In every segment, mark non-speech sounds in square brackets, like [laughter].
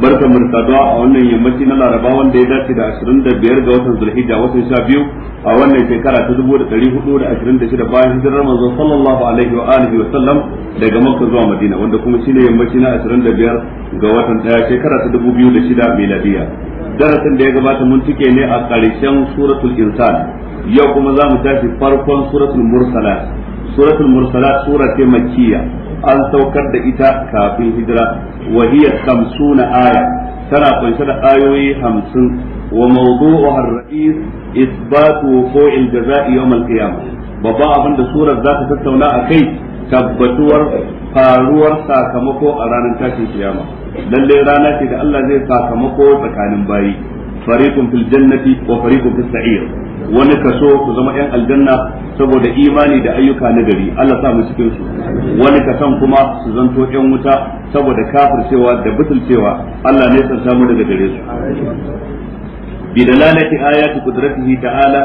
barka mun a wannan yammaci na laraba wanda ya dace da 25 ga watan zulhijja watan biyu a wannan shekara ta 1426 bayan hijirar manzo sallallahu alaihi wa alihi wa sallam daga makka zuwa madina wanda kuma shine yammaci na 25 ga watan daya shekara ta 2006 miladiya darasin da ya gabata mun tike ne a karshen suratul insan yau kuma za mu tashi farkon suratul mursalat suratul mursalat sura ce makkiya an saukar da ita kafin hijira wa hiya 50 aya tana kunshe da ayoyi hamsin wa mawdu'uha ar-ra'is isbatu wuqu'il jazaa'i yawm al-qiyamah babba abin da surar za ta tattauna a kai tabbatuwar faruwar sakamako a ranar tashin kiyama lalle rana ce da Allah zai sakamako tsakanin bayi fariqun fil jannati wa fariqun fis sa'ir wani kaso ku zama yan aljanna saboda imani da ayyuka na gari Allah sa mu cikin su wani kasan kuma su zanto yan wuta saboda cewa da cewa Allah ne ya samu daga gare su bidalalati ayati qudratihi ta'ala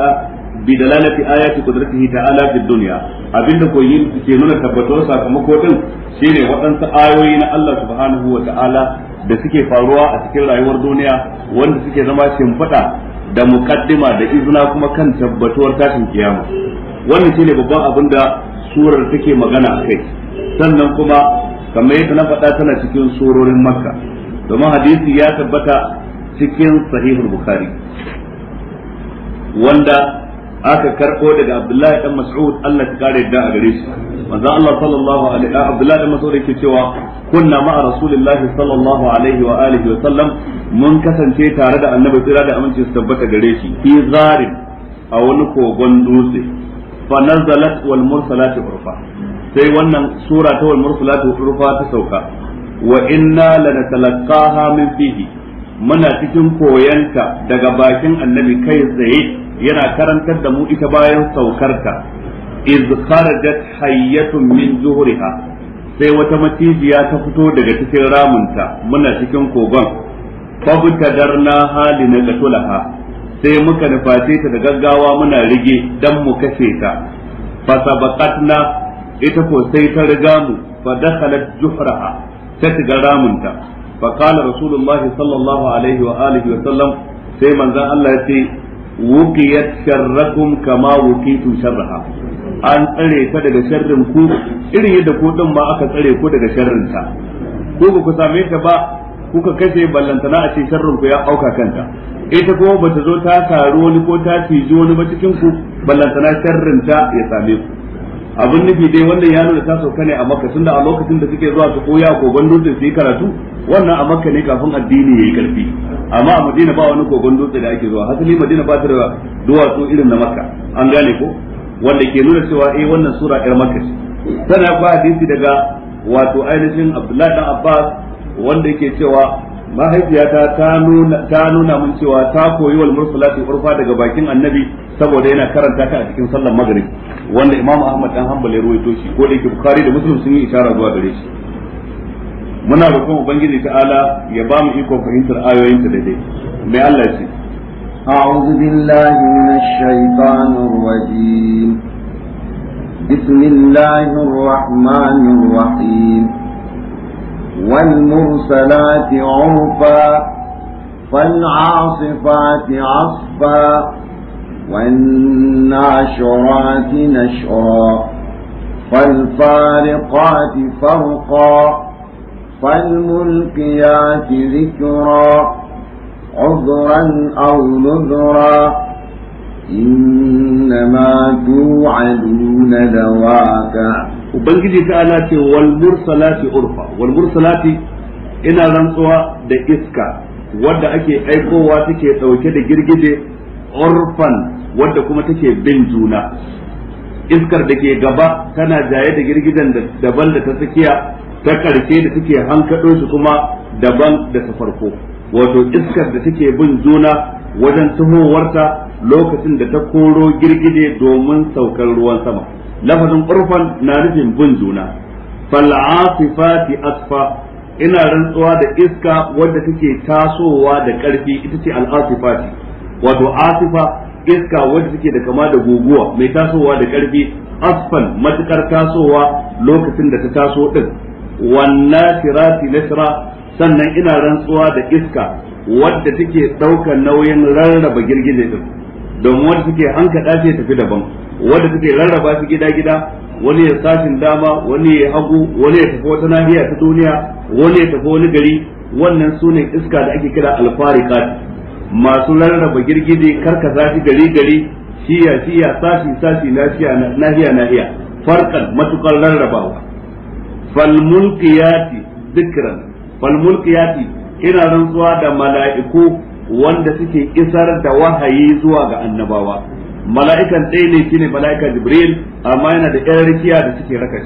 bidalalati ayati qudratihi ta'ala fid dunya abinda ko yin ke nuna tabbatar sakamako din shine waɗansu ayoyi na Allah subhanahu wa ta'ala da suke faruwa a cikin rayuwar duniya wanda suke zama shimfiɗa da mukaddima da izina kuma kan tabbatuwar tashin kiyama wannan shine babban abin da surar take magana a kai sannan kuma kamar yadda na faɗa tana cikin surorin makka domin hadisi ya tabbata cikin sahihul bukhari wanda aka karbo daga Abdullahi dan Mas'ud Allah ya kare da a gare shi manzo Allah sallallahu alaihi wa Abdullahi dan Mas'ud yake cewa kunna ma'a Rasulillahi sallallahu alaihi wa alihi wa sallam mun kasance tare da Annabi tsira da aminci su tabbata gare shi fi zarin a wani kogon dutse fa nazalat wal mursalati urfa sai wannan sura ta wal mursalati urfa ta sauka wa inna lanatalaqaha min fihi muna cikin koyanta daga bakin annabi kai tsaye yana karantar da mu ita bayan saukarta iz kharajat hayyatun min zuhriha sai wata matijiya ta fito daga cikin ramunta muna cikin kogon hali na qatulaha sai muka nuface ta da gaggawa muna rige dan mu kashe ta fasabaqatna ita ko sai ta riga mu fa dakhalat zuhraha ta shiga ramunta fa qala rasulullahi sallallahu alaihi wa alihi wa sallam sai manzon Allah ya ce wuqiyat sharrakum kama wuqitu sharraha an tsare ta daga sharrin ku irin yadda ku din ma aka tsare ku daga sharrin ta ko ba ku same ta ba kuka kashe ballantana a ce sharrin ku ya auka kanta ita kuma bata zo ta taru wani ko ta ciji wani ba cikin ku ballantana sharrin ta ya same ku abin nufi dai wannan ya nuna ta sauka ne a makka tunda a lokacin da suke zuwa su koya kogon dutse su yi karatu wannan a makka ne kafin addini ya yi karfi amma a madina ba wani kogon dutse da ake zuwa hasali madina ba ta da duwatsu irin na makka an gane ko wanda ke nuna cewa eh wannan sura ɗar makka ce tana ba hadisi daga wato ainihin abdullahi dan abbas wanda yake cewa mahaifiyata ta nuna ta mun cewa ta koyi wal mursalati urfa daga bakin annabi saboda yana karanta ta a cikin sallar magrib wanda Imam Ahmad dan ya ruwaito shi ko da yake Bukhari da Muslim sun yi isharar zuwa gare shi muna roƙon ubangiji ta'ala ya ba mu iko fahimtar ayoyin ta daidai mai Allah ce أعوذ بالله من الشيطان الرجيم بسم الله الرحمن الرحيم والمرسلات عرفا فالعاصفات عصفا والناشرات نشرا فالفارقات فرقا فالملقيات ذكرا عذرا أو نذرا إنما توعدون لواقع وبنجي تعالى والمرسلات عرفا والمرسلات ina rantsuwa da iska wadda ake aikowa take ɗauke da girgije urfan wadda kuma take bin juna iskar da ke gaba tana jaye da girgidan daban da ta tsakiya ta karshe da take hankado su kuma daban da ta farko wato iskar da take bin juna wajen tuhowarta lokacin da ta koro girgide domin saukar ruwan sama lafazin urfan na nufin bin juna fal'asifati asfa ina rantsuwa da iska wadda take tasowa da karfi ita ce al'asifati wato asifa iska wadda take da kama da guguwa mai tasowa da karfi asfan matukar tasowa lokacin da ta taso din wanna tirati nasra sannan ina rantsuwa da iska wadda take daukar nauyin rarraba girgije din don wadda take hankada ce tafi daban wadda take rarraba shi gida gida wani ya sashin dama wani ya hagu wani ya tafi wata nahiya ta duniya wani ya tafi wani gari wannan sune iska da ake kira alfariqat masu rarraba girgide karka zafi gari gari shiya shiya sashi sashi nahiya nahiya farkan matukar rarrabawa falmulkiyati dikran falmulkiyati ina rantsuwa da mala'iku wanda suke isar da wahayi zuwa ga annabawa mala'ikan ɗaya ne shine mala'ika jibril amma yana da 'yar rikiya da suke raka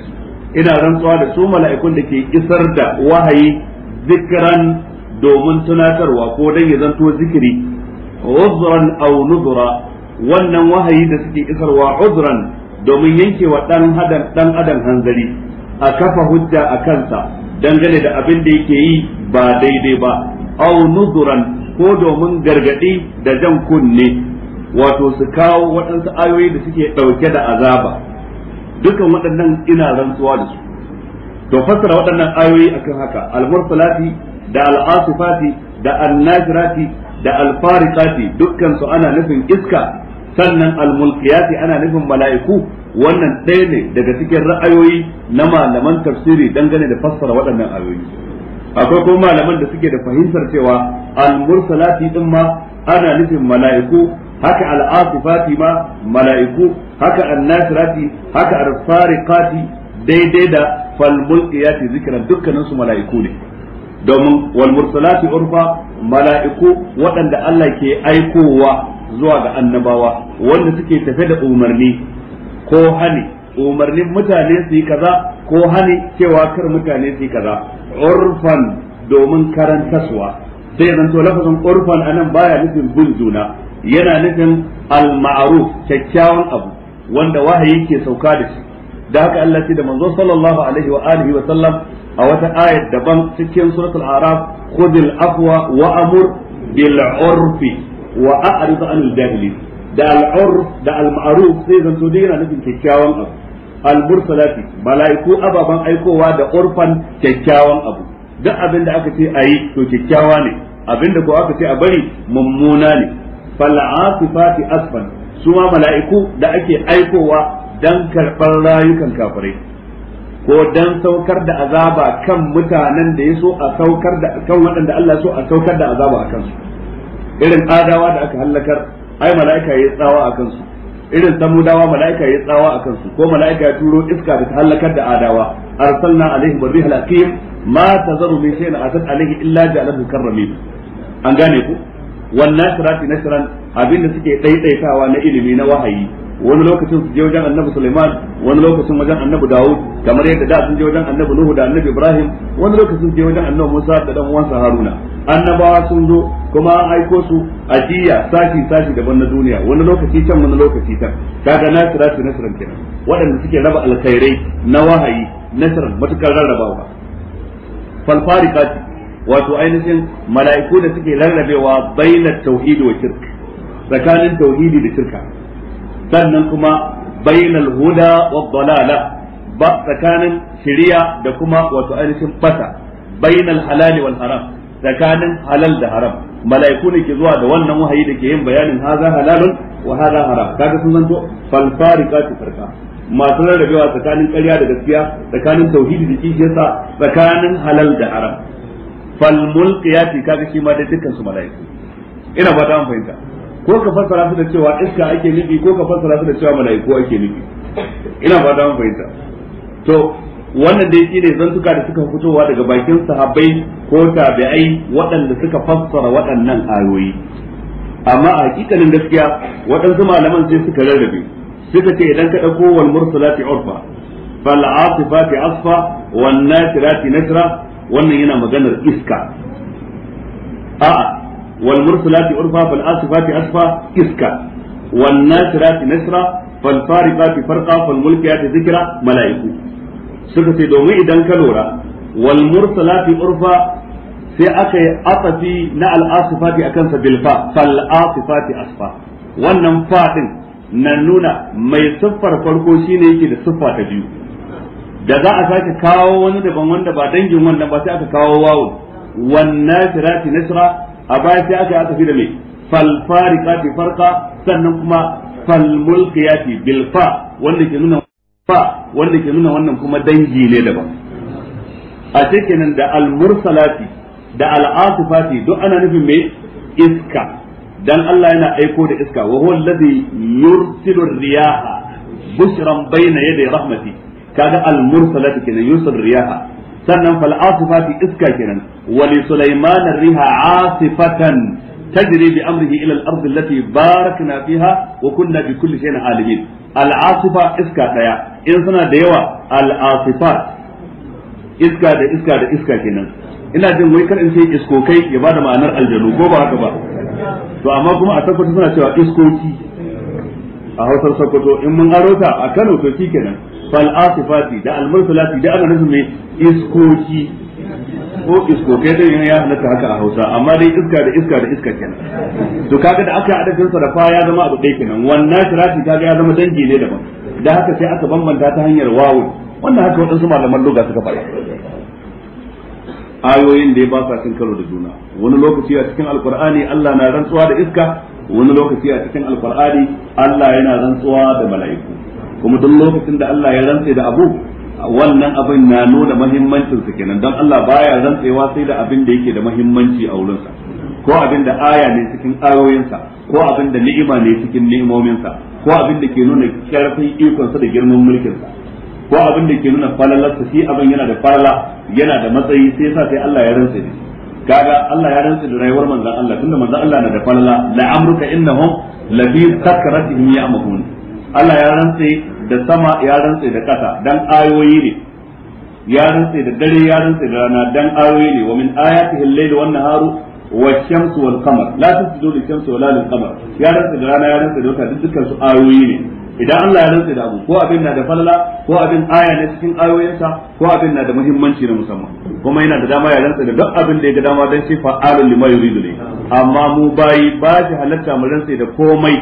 ina rantsuwa da su mala'ikun da ke isar da wahayi zikiran. domin tunatarwa ko dan ya zanto zikiri uzran aw nuzra wannan wahayi da suke isarwa uzran domin yankewa dan adam dan adam hanzari a kafa hujja a kansa dangane da abin da yake yi ba daidai ba aw nuzuran ko domin gargadi da jan kunne wato su kawo waɗansu ayoyi da suke ɗauke da azaba dukan waɗannan ina rantsuwa da su to fassara waɗannan ayoyi akan haka al-mursalati da al'asifati da annajirati da alfarikati dukkan su ana nufin iska sannan almulkiyati ana nufin mala'iku wannan ɗaya ne daga cikin ra'ayoyi na malaman tafsiri dangane da fassara waɗannan ayoyi akwai kuma malaman da suke da fahimtar cewa almursalati din ma ana nufin mala'iku haka al'asifati ma mala'iku haka annasirati haka alfarikati daidai da falmulkiyati zikran dukkaninsu mala'iku ne domin wal urfa mala'iku waɗanda Allah ke aikowa zuwa ga annabawa wanda suke tafe da umarni ko hani umarnin mutane su yi kaza ko hani cewa kar mutane su yi kaza urfan domin karantaswa sai zan to lafazin urfan anan baya nufin bin juna yana nufin al-ma'ruf kyakkyawan abu wanda wahayi ke sauka da shi da haka Allah ce da manzo sallallahu alaihi wa alihi wa sallam a wata ayat daban cikin suratul araf khudil afwa wa amur bil urfi wa a'rid anil da da al-ma'ruf sai zanto dai yana nufin kyakkyawan abu al-mursalati mala'iku ababan aikowa da urfan kyakkyawan abu duk abin da aka ce ayi to kyakkyawa ne abin da ko aka ce a bari mummuna ne fal asifati asfan su ma mala'iku da ake aikowa dan karɓar rayukan kafirai ko dan saukar da azaba kan mutanen da yaso a saukar da kan waɗanda Allah so a saukar da azaba a kansu irin adawa da aka halakar ai mala'ika yayi tsawa a kansu irin samudawa mala'ika yayi tsawa a kansu ko mala'ika ya turo iska da ta halakar da adawa arsalna alaihim rihal aqim ma tazaru min shay'in atat alaihi illa ja'alahu karramin an gane ku wannan shirati nashran abinda suke daidaitawa na ilimi na wahayi wani lokacin su je wajen annabi Sulaiman wani lokacin wajen annabi Dawud kamar yadda da sun je wajen annabi Nuhu da annabi Ibrahim wani lokacin su je wajen annabi Musa da dan uwansa Haruna annabawa sun zo kuma an aiko su ajiya sashi sashi daban na duniya wani lokaci can wani lokaci can kaga su nasiran kenan waɗanda suke raba alkhairai na wahayi nasiran matukar rarrabawa falfariqat wato ainihin mala'iku da suke rarrabewa bainat tauhidi wa shirk tsakanin tauhidi da shirka sannan kuma bainal huda wa dalala ba tsakanin shiriya da kuma wato ainihin fata bainal halali wal haram tsakanin halal da haram mala'iku ne ke zuwa da wannan wahayi da ke yin bayanin haza halalun wa haza haram kaga sun zanto falfarikatu farka masu rarrabewa tsakanin ƙarya da gaskiya tsakanin tauhidi da kishiyarsa tsakanin halal da haram falmulqiyati kaga shi ma da dukkan su mala'iku ina fata an fahimta ko ka fassara su da cewa iska ake nufi ko ka fassara su da cewa mala'iku ake nufi ina fata mun fahimta to wannan dai shine zantuka da suka fitowa daga bakin sahabbai ko tabi'ai waɗanda suka fassara waɗannan ayoyi amma a hakikalin gaskiya waɗansu malaman sai suka rarrabe suka ce idan ka ɗauko wal mursalati urfa fal asifati asfa wan nasirati nasra wannan yana maganar iska a'a wal mursalati urfa fal asifati asfa iska wan nasirati nasra fal farqati farqa fal mulkiyati zikra malaiku suka ce domin idan ka lura wal mursalati urfa sai aka yi asafi na al asifati akan sa bil fa fal asifati wannan fa din na nuna mai siffar farko shine yake da siffa ta biyu da za a sake kawo wani daban wanda ba dangin wannan ba sai aka kawo wawo wannan sirati nasra a baya sai aka aka fi da mai fal fariqati farqa sannan kuma fal mulqiyati bil fa wanda ke nuna fa wanda ke nuna wannan kuma dangi ne daban a cikin da almursalati da al duk ana nufin mai iska dan Allah yana aiko da iska wa huwa alladhi yursilu riyaha bushran bayna yaday rahmati kaga al mursalati kenan yursil riyaha sannan fal asifati iska kenan wa li sulaiman ar-riha asifatan tajri bi amrihi ila al-ard allati barakna fiha wa kunna bi kulli shay'in alimin iska daya in suna da yawa al-asifat iska da iska da iska kenan ina jin wai kar in ce iskokai ya bada ma'anar aljanu ko ba haka ba to amma kuma a tabbata suna cewa iskoki a hausar sokoto in mun aro ta a kano to kenan fal asifati da al mursalati da ana nufin mai iskoki ko iskokai dai ya halatta haka a Hausa amma dai iska da iska da iska kenan to kaga da aka adadin sarrafa ya zama abu ɗaya kenan wannan shirati kaga ya zama dangi ne daban da haka sai aka bambanta ta hanyar wawu wannan haka wadansu malaman loga suka faɗa ayoyin da ya ba sa cin karo da juna wani lokaci a cikin alkur'ani Allah na rantsuwa da iska wani lokaci a cikin alkur'ani Allah yana rantsuwa da mala'iku kuma duk lokacin da Allah ya rantse da abu wannan abin na nuna mahimmancin sa kenan don Allah baya rantsewa sai da abin da yake da muhimmanci a wurin sa ko abin da aya ne cikin ayoyin sa ko abin da ni'ima ne cikin ni'imomin sa ko abin da ke nuna karfin ikon sa da girman mulkin sa ko abin da ke nuna falalar sa shi abin yana da falala yana da matsayi sai yasa sai Allah ya rantse ne kaga Allah ya rantse da rayuwar manzon Allah tunda manzon Allah na da falala la amruka innahum labi sakratihim ya'mahun Allah ya rantse da sama ya rantse da ƙasa dan ayoyi ne ya rantse da dare ya rantse da rana dan ayoyi ne wa min ayatihi al-layl wan naharu والشمس والقمر لا تسجدوا للشمس lil-qamar ya rantse da rana ya rantsa da wata dukkan su ayoyi ne idan Allah ya rantsa da abu ko abin na da falala ko abin aya ne cikin ayoyinsa ko abin na da muhimmanci na musamman kuma yana da dama ya rantsa da duk abin da ya ga dama dan shi alu lima yuridu ne amma mu bai ba shi halatta mu rantsa da komai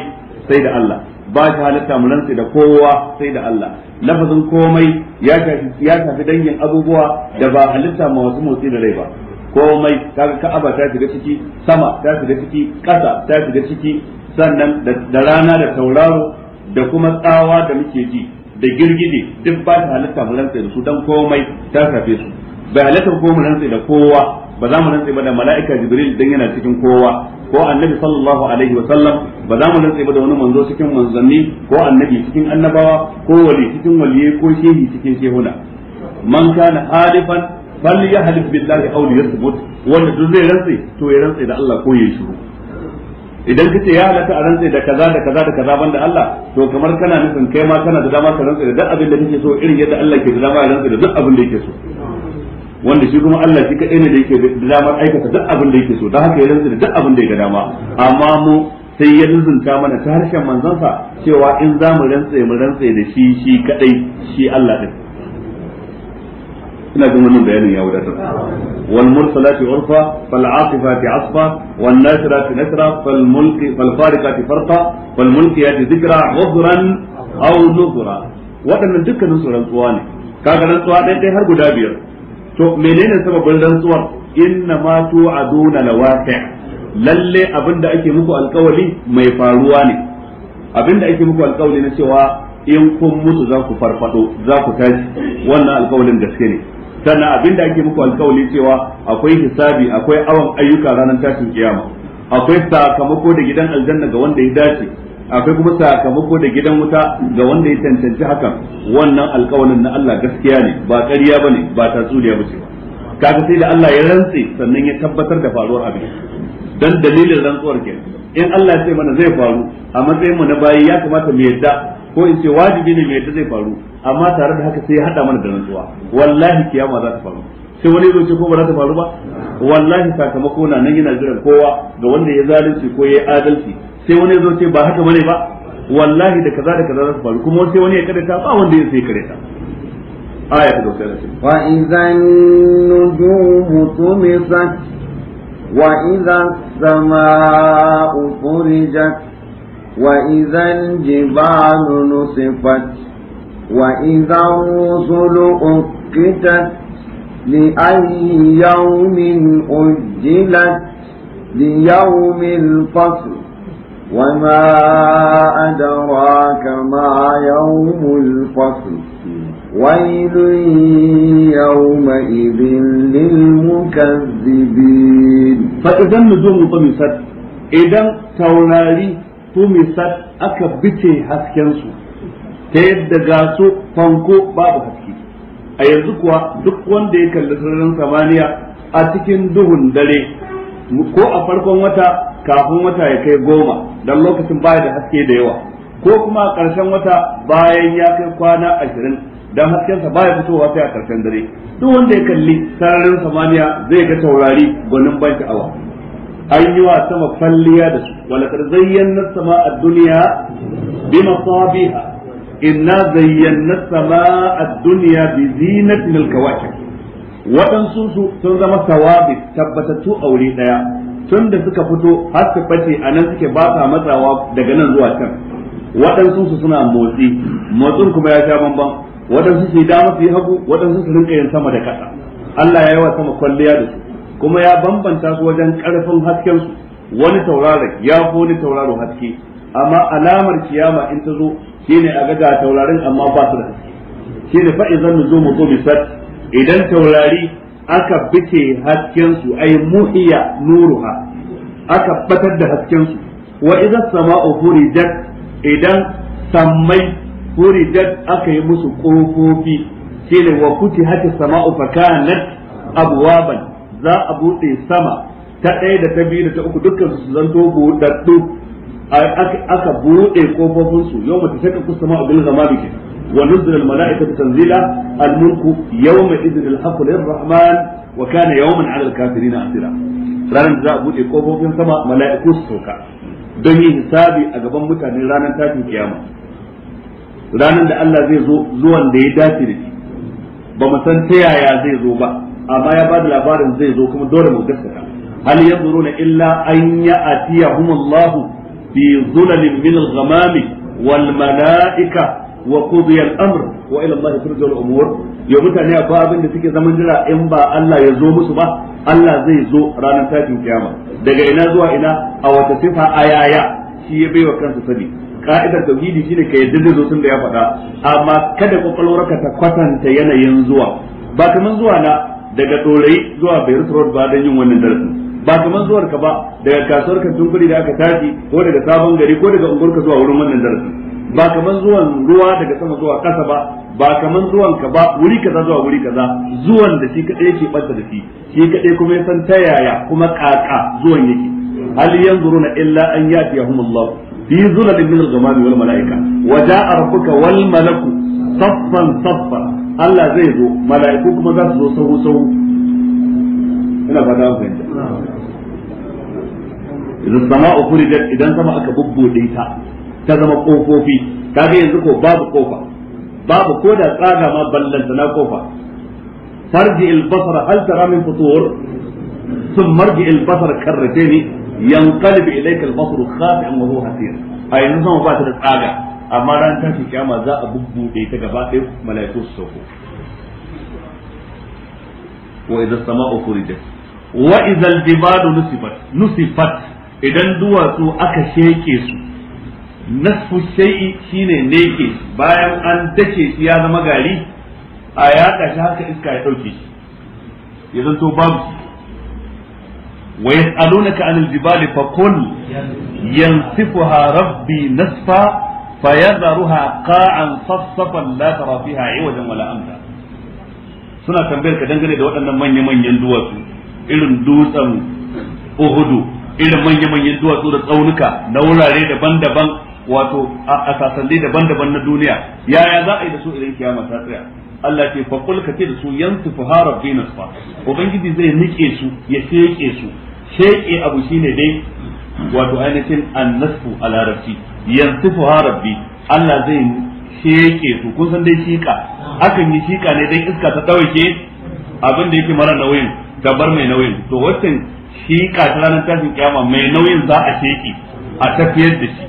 sai da Allah ba shi halitta mu rantsi da kowa sai da Allah lafazin komai ya tafi ya tafi dangin abubuwa da ba halitta ma wasu motsi da rai ba komai kaga ka'aba ta shiga ciki sama ta shiga ciki ƙasa ta shiga ciki sannan da rana da tauraro da kuma tsawa da muke ji da girgije duk ba ta halitta mu rantsi da su dan komai ta shafe su bai halitta ko mu rantsi da kowa ba za mu rantsa ba da mala'ika jibril dan yana cikin kowa ko annabi sallallahu alaihi wa sallam ba za mu rantsa ba da wani manzo cikin manzanni ko annabi cikin annabawa ko wali cikin waliye ko shehi cikin shehuna man kana halifan fal yahlif billahi aw liyasbut wanda duk zai rantsa to ya rantsa da Allah ko ya shiru idan kace ya halatta a rantsa da kaza da kaza da kaza banda Allah to kamar kana nufin kai ma kana da dama ka rantsa da duk abin da kake so irin yadda Allah ke da dama ya rantsa da duk abin da yake so wanda shi kuma Allah shi kaɗai ne da yake da damar aikata duk abin da yake so don haka ya rantsa da duk abin da ya ga dama amma mu sai ya luzunta mana ta harshen manzansa cewa in za mu rantsa mu rantsa da shi shi kadai shi Allah din ina jin wannan bayanin ya wadatar wal mursalati urfa fal aqifati asfa wan nasirati nasra fal mulki fal fariqati farqa fal mulkiyati dhikra ghadran aw nuzra waɗannan dukkanin su rantsuwa ne kaga rantsuwa ɗaya har guda biyar to menene sababin rantsuwar inna ma tu'aduna lawaqi' lalle abinda ake muku alkawali mai faruwa ne abinda ake muku alkawali na cewa in kun mutu za ku farfado za ku tashi wannan alkawalin gaske ne sannan abinda ake muku alkawali cewa akwai hisabi akwai awan ayyuka ranar tashin kiyama akwai sakamako da gidan aljanna ga wanda ya dace akwai kuma sakamako da gidan wuta ga wanda ya tantance hakan wannan alkawarin na Allah gaskiya ne ba ƙarya ne ba ta bace ba kaga sai da Allah ya rantse sannan ya tabbatar da faruwar abin dan dalilin rantsuwar ke in Allah ya ce mana zai faru a matsayin mu na bayi ya kamata mu yadda ko in ce wajibi ne mu yadda zai faru amma tare da haka sai ya hada mana da rantsuwa wallahi kiyama za ta faru sai wani zo ce ko ba za ta faru ba wallahi sakamako na nan yana jiran kowa ga wanda ya zalunci ko ya adalci sai wani ya zo ce ba haka bane ba wallahi da kaza da kaza za su faru kuma sai wani ya karanta ba wanda ya sai karanta aya ta dauke da shi wa idan nujumu tumisa wa idan sama'u furijat wa idan jibalu nusifat wa idan rusulu uqitat لأي يوم أجلت ليوم الفصل وما أدراك ما يوم الفصل ويل يومئذ للمكذبين فإذا النجوم طمست إذا تولاري طمست أكبتي هسكنسو تيد دقاسو فانكو بابو هسكي a yanzu kuwa duk wanda ya kalli sararin samaniya a cikin duhun dare ko a farkon wata kafin wata ya kai goma don lokacin baya da haske da yawa ko kuma a ƙarshen wata bayan ya kai kwana ashirin don haskensa baya fitowa sai a ƙarshen dare duk wanda ya kalli sararin samaniya zai ga taurari gwanin ban sha'awa an yi wa sama falliya da su walatar zayyan na sama a duniya bi masabiha inna zayyana sama'a ad-dunya bi zinatin al-kawakib waɗansu su sun zama sawabi tabbatattu a wuri daya tun suka fito har su fate a nan suke ba sa matsawa daga nan zuwa can waɗansu su suna motsi motsin kuma ya sha bamban waɗansu su yi dama su yi hagu waɗansu su rinka yin sama da ƙasa Allah ya yi wa sama kwalliya da su kuma ya bambanta su wajen ƙarfin hasken su wani tauraron ya fi wani tauraro haske amma alamar kiyama in ta zo shine a ga taurarin amma ba su da haske shine fa idan nujumu tubisat idan taurari aka bice hasken su ay muhiya nuruha aka batar da haskensu su wa idan sama'u furijat idan sammai furijat aka yi musu kofofi shine wa futihat sama'u fakanat abwaban za a bude sama ta ɗaya da ta biyu da ta uku dukkan su zanto buɗaɗɗu aka buɗe kofofin su yau mata shakka kusama abul ghamami ke wa nuzul al malaikatu tanzila al mulku yawma idin al haqqu rahman wa kana yawman ala al kafirin asira ranar da za a buɗe kofofin sama mala'iku su sauka. don yin hisabi a gaban mutane ranar tashin kiyama ranar da Allah zai zo zuwan da ya dace da shi ba mu san ta yaya zai zo ba amma ya bada labarin zai zo kuma dole mu gaskata hal yanzuruna illa an ya'tiyahum Allah في ظلل من الغمام والملائكة وقضي الأمر وإلى الله ترجع الأمور abin da suke أبن دسك in ba Allah ya zo musu ba. Allah zai zo ranar تاكين kiyama. daga ina zuwa ina a wata sifa ayaya shi ya baiwa kansa sani ka'idar tauhidi shine ka yadda da zo sun da ya faɗa amma kada kwakwalwarka ta kwatanta yanayin zuwa ba kaman zuwa na daga dorai zuwa Beirut Road ba don yin wannan darasin ba kamar zuwar ka ba daga kasuwar ka tunkuri da aka tashi ko daga sabon gari ko daga unguwar ka zuwa wurin wannan darasi ba kamar zuwan ruwa daga sama zuwa kasa ba ba kamar zuwan ka ba wuri kaza zuwa wuri kaza zuwan da shi kadai yake banta da shi shi kadai kuma ya san ta yaya kuma kaka zuwan yake hal yanzuruna illa an Allah fi zulal min al zamani wal malaika wa ja'a rabbuka wal malaku saffan saffa Allah zai zo mala'iku kuma za su zo sahu sahu ina ba za mu fahimta idan sama ukhrijat idan sama aka bubbude ta ta zama kofofi kaga yanzu ko babu kofa babu ko da tsaga ma ballanta na kofa farji al-basar hal tara min futur thumma marji al-basar karratayn yanqalib ilayka al-basar khati'an wa huwa hasir a yanzu sama ba ta da tsaga amma ran tashi kiyama za a bubbude ta gaba ɗaya mala'iku su sauko wa idza as-sama'u furijat wa izal jibalu nusifat nusifat idan duwatsu aka sheke su nasfu shay'i shine neke bayan an dake shi ya zama gari a ya shi haka iska ya dauke shi ya zanto babu wa yas'alunaka anil jibali fa qul yansifuha rabbi nasfa fayadharuha qa'an safsafan la tara fiha 'iwajan wala amta suna tambayar ka dangane da waɗannan manya-manyan duwatsu irin dutsen uhudu irin manya-manyan duwatsu da tsaunuka na wurare daban-daban wato a sasande daban-daban na duniya yaya za a yi da su idan kiyama ta tsaya Allah ce fa kul kace da su yansu fa rabbi nasfa ubangiji zai nike su ya sheke su sheke abu shine dai wato ainihin annasfu a larabci yansu fa rabbi Allah zai sheke su kun san dai shika akan yi shika ne dan iska ta dauke abin da yake mara nauyin gabar mai nauyin to wancan shi ta ranar tashin kiyama mai nauyin za a sheki a tafiyar da shi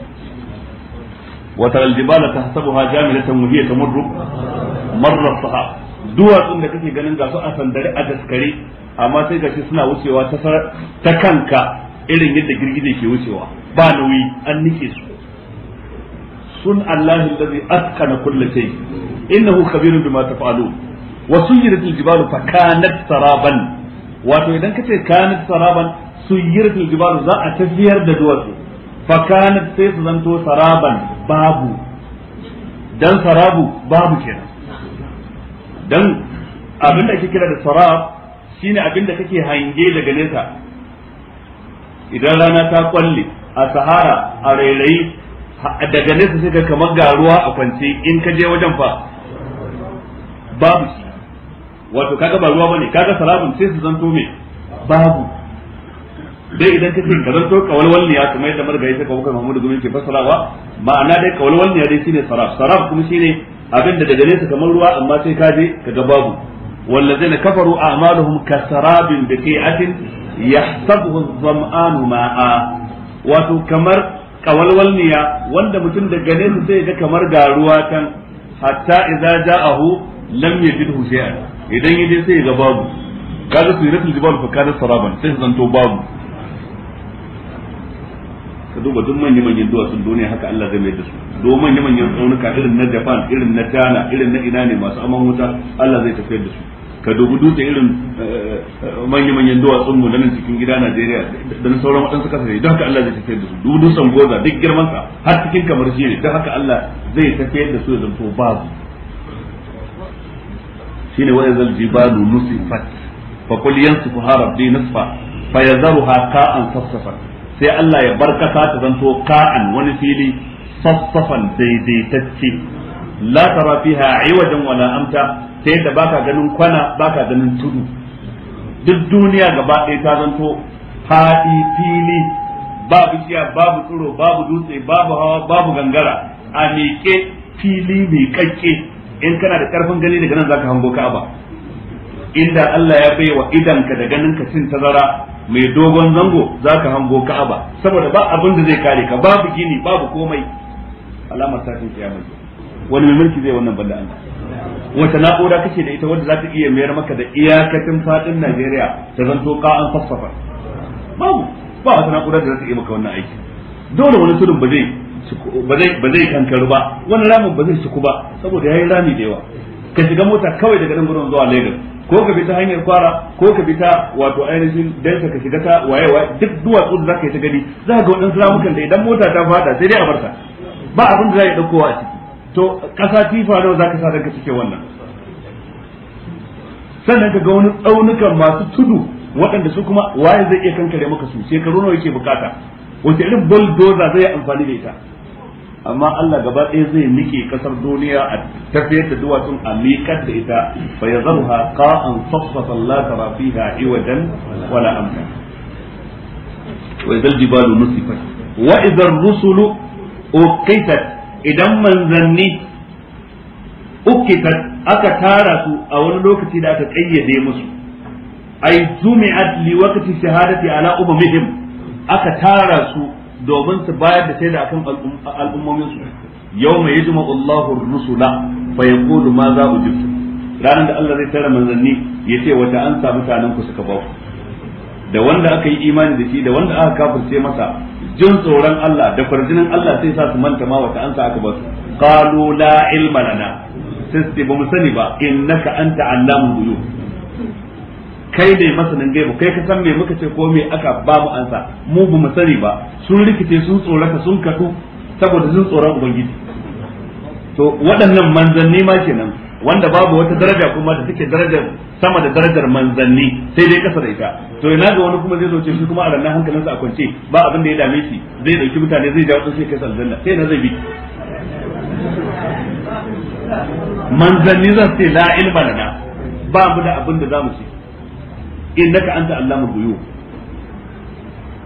wata aljibala ta hasabu ha jamilatan wahiyya ta murru marar saha duwatsun da kake ganin gasu a sandare a daskare amma sai gashi suna wucewa ta kanka irin yadda girgije ke wucewa ba nauyi an nike su sun allahi allazi askana kulli shay innahu khabirun bima taf'alun wa suyirat aljibalu fa saraban wato idan ka ce kanat saraban suyiratul jibal za a tafiyar da duwatsu fa kanat sai su zanto saraban babu dan sarabu babu kenan dan abin da ake kira da sarab shine abin da kake hange daga nesa idan rana ta kwalle a sahara a rairayi daga nesa sai ka kamar garuwa a kwance in ka je wajen fa babu shi wato kaga ba ruwa bane kaga sarabun sai su zanto me babu dai idan kace ka zanto kawalwal ne kuma yadda margayi ta kawo Muhammad gumi ke fasarawa ma'ana dai kawalwal ne dai shine sarab sarab kuma shine abin da daga nesa kamar ruwa amma sai ka je kaga babu والذين كفروا أعمالهم كسراب بقيعة يحسبه الظمآن ماء وتكمر كوالولنيا وند متن دغنين سي kamar ga ruwa kan hatta idza ja'ahu lam yajidhu shay'an idan dai sai ya ga babu kaga siratul jibal fa kana saraban sai su zanto babu ka duba duk manyan manyan sun duniya haka Allah zai mai da su duk manyan manyan tsaunuka irin na Japan irin na China irin na ina ne masu aman wuta Allah zai tafiyar da su ka dubi dutse irin eh, eh, manyan manyan sun mu nan cikin gida Najeriya da sauran waɗansu kasashe don haka Allah zai tafiyar da su dubu dutsen goza duk girman sa har cikin kamar shi ne don haka Allah zai tafiyar da su ya zanto babu shine wa yazal jibalu nusifat fa qul yansifuha rabbi nusfa fa yazaruha ka'an safsafan sai Allah ya bar kasa ta zanto ka'an wani fili safsafan daidaitacce la tara fiha iwajan wala amta sai da baka ganin kwana baka ganin tudu duk duniya gaba ɗaya ta zanto haɗi, fili babu jiya babu tsiro babu dutse babu hawa babu gangara a miƙe fili mai kakke in kana da karfin gani daga nan zaka hango Ka'aba inda Allah ya bai wa idanka da ganin ka cin tazara mai dogon zango zaka hango Ka'aba saboda ba abin da zai kare ka babu gini babu komai alamar sakin kiyama wani mai mulki zai wannan banda Allah wata na'ura kake da ita wadda zaka iya mayar maka da iyakacin fadin Najeriya ta zanto ka'an fassafa babu ba wata na'ura da za iya maka wannan aiki dole wani tudun ba zai ba zai ba ba wani ramin ba zai ciku ba saboda ya yi rami da yawa ka shiga mota kawai daga nan gurin zuwa Lagos ko ka bi ta hanyar kwara ko ka bi ta wato ainihin densa ka shiga ta waye waye duk duwatsu da zaka yi ta gani za ka ga waɗansu ramukan da idan mota ta fada sai dai a barta ba abin da za ya ɗaukowa a ciki to ƙasa tifa nawa za ka sa ranka cike wannan sannan ka ga wani tsaunukan masu tudu waɗanda su kuma waye zai iya kankare maka su shekaru nawa yake bukata wace irin bulldozer zai amfani da ita amma Allah gaba ɗaya zai nike kasar duniya a tafiyar da duwatsun a miƙar da ita fa yazarha qa'an safsata la tara fiha iwadan wala amta wa idal jibalu nusifat wa idar rusulu uqitat idan manzanni uqitat aka tara su a wani lokaci da aka kayyade musu ay jumi'at li waqti shahadati ala muhim. aka tara su domin su bayar da shaida akan al'ummomin su yawma yajma'u Allahu ar-rusula fa yaqulu ma za ujibtu ranar da Allah zai tara manzanni yace wata an sa mutanen ku suka ba da wanda aka yi imani da shi da wanda aka kafirce masa jin tsoron Allah da farjinin Allah sai sa su manta ma wata an sa aka ba su qalu la ilma lana sai ba mu sani ba innaka anta allamul ghuyub kai ne masanin gaibu kai ka san me muka ce ko me aka ba mu ansa mu ba mu sani ba sun rikice sun tsorata sun kadu saboda sun tsoron ubangiji to waɗannan manzanni ma kenan wanda babu wata daraja kuma da take darajar sama da darajar manzanni sai dai kasa da ita to ina ga wani kuma zai zo ce shi kuma a ranar hankalinsa a kwance ba abin da ya dame shi zai dauki mutane zai jawo sai kai sanzanna sai na zai bi manzanni zan ce la ilma lana ba mu da abin da zamu ci innaka anta allamul ghuyub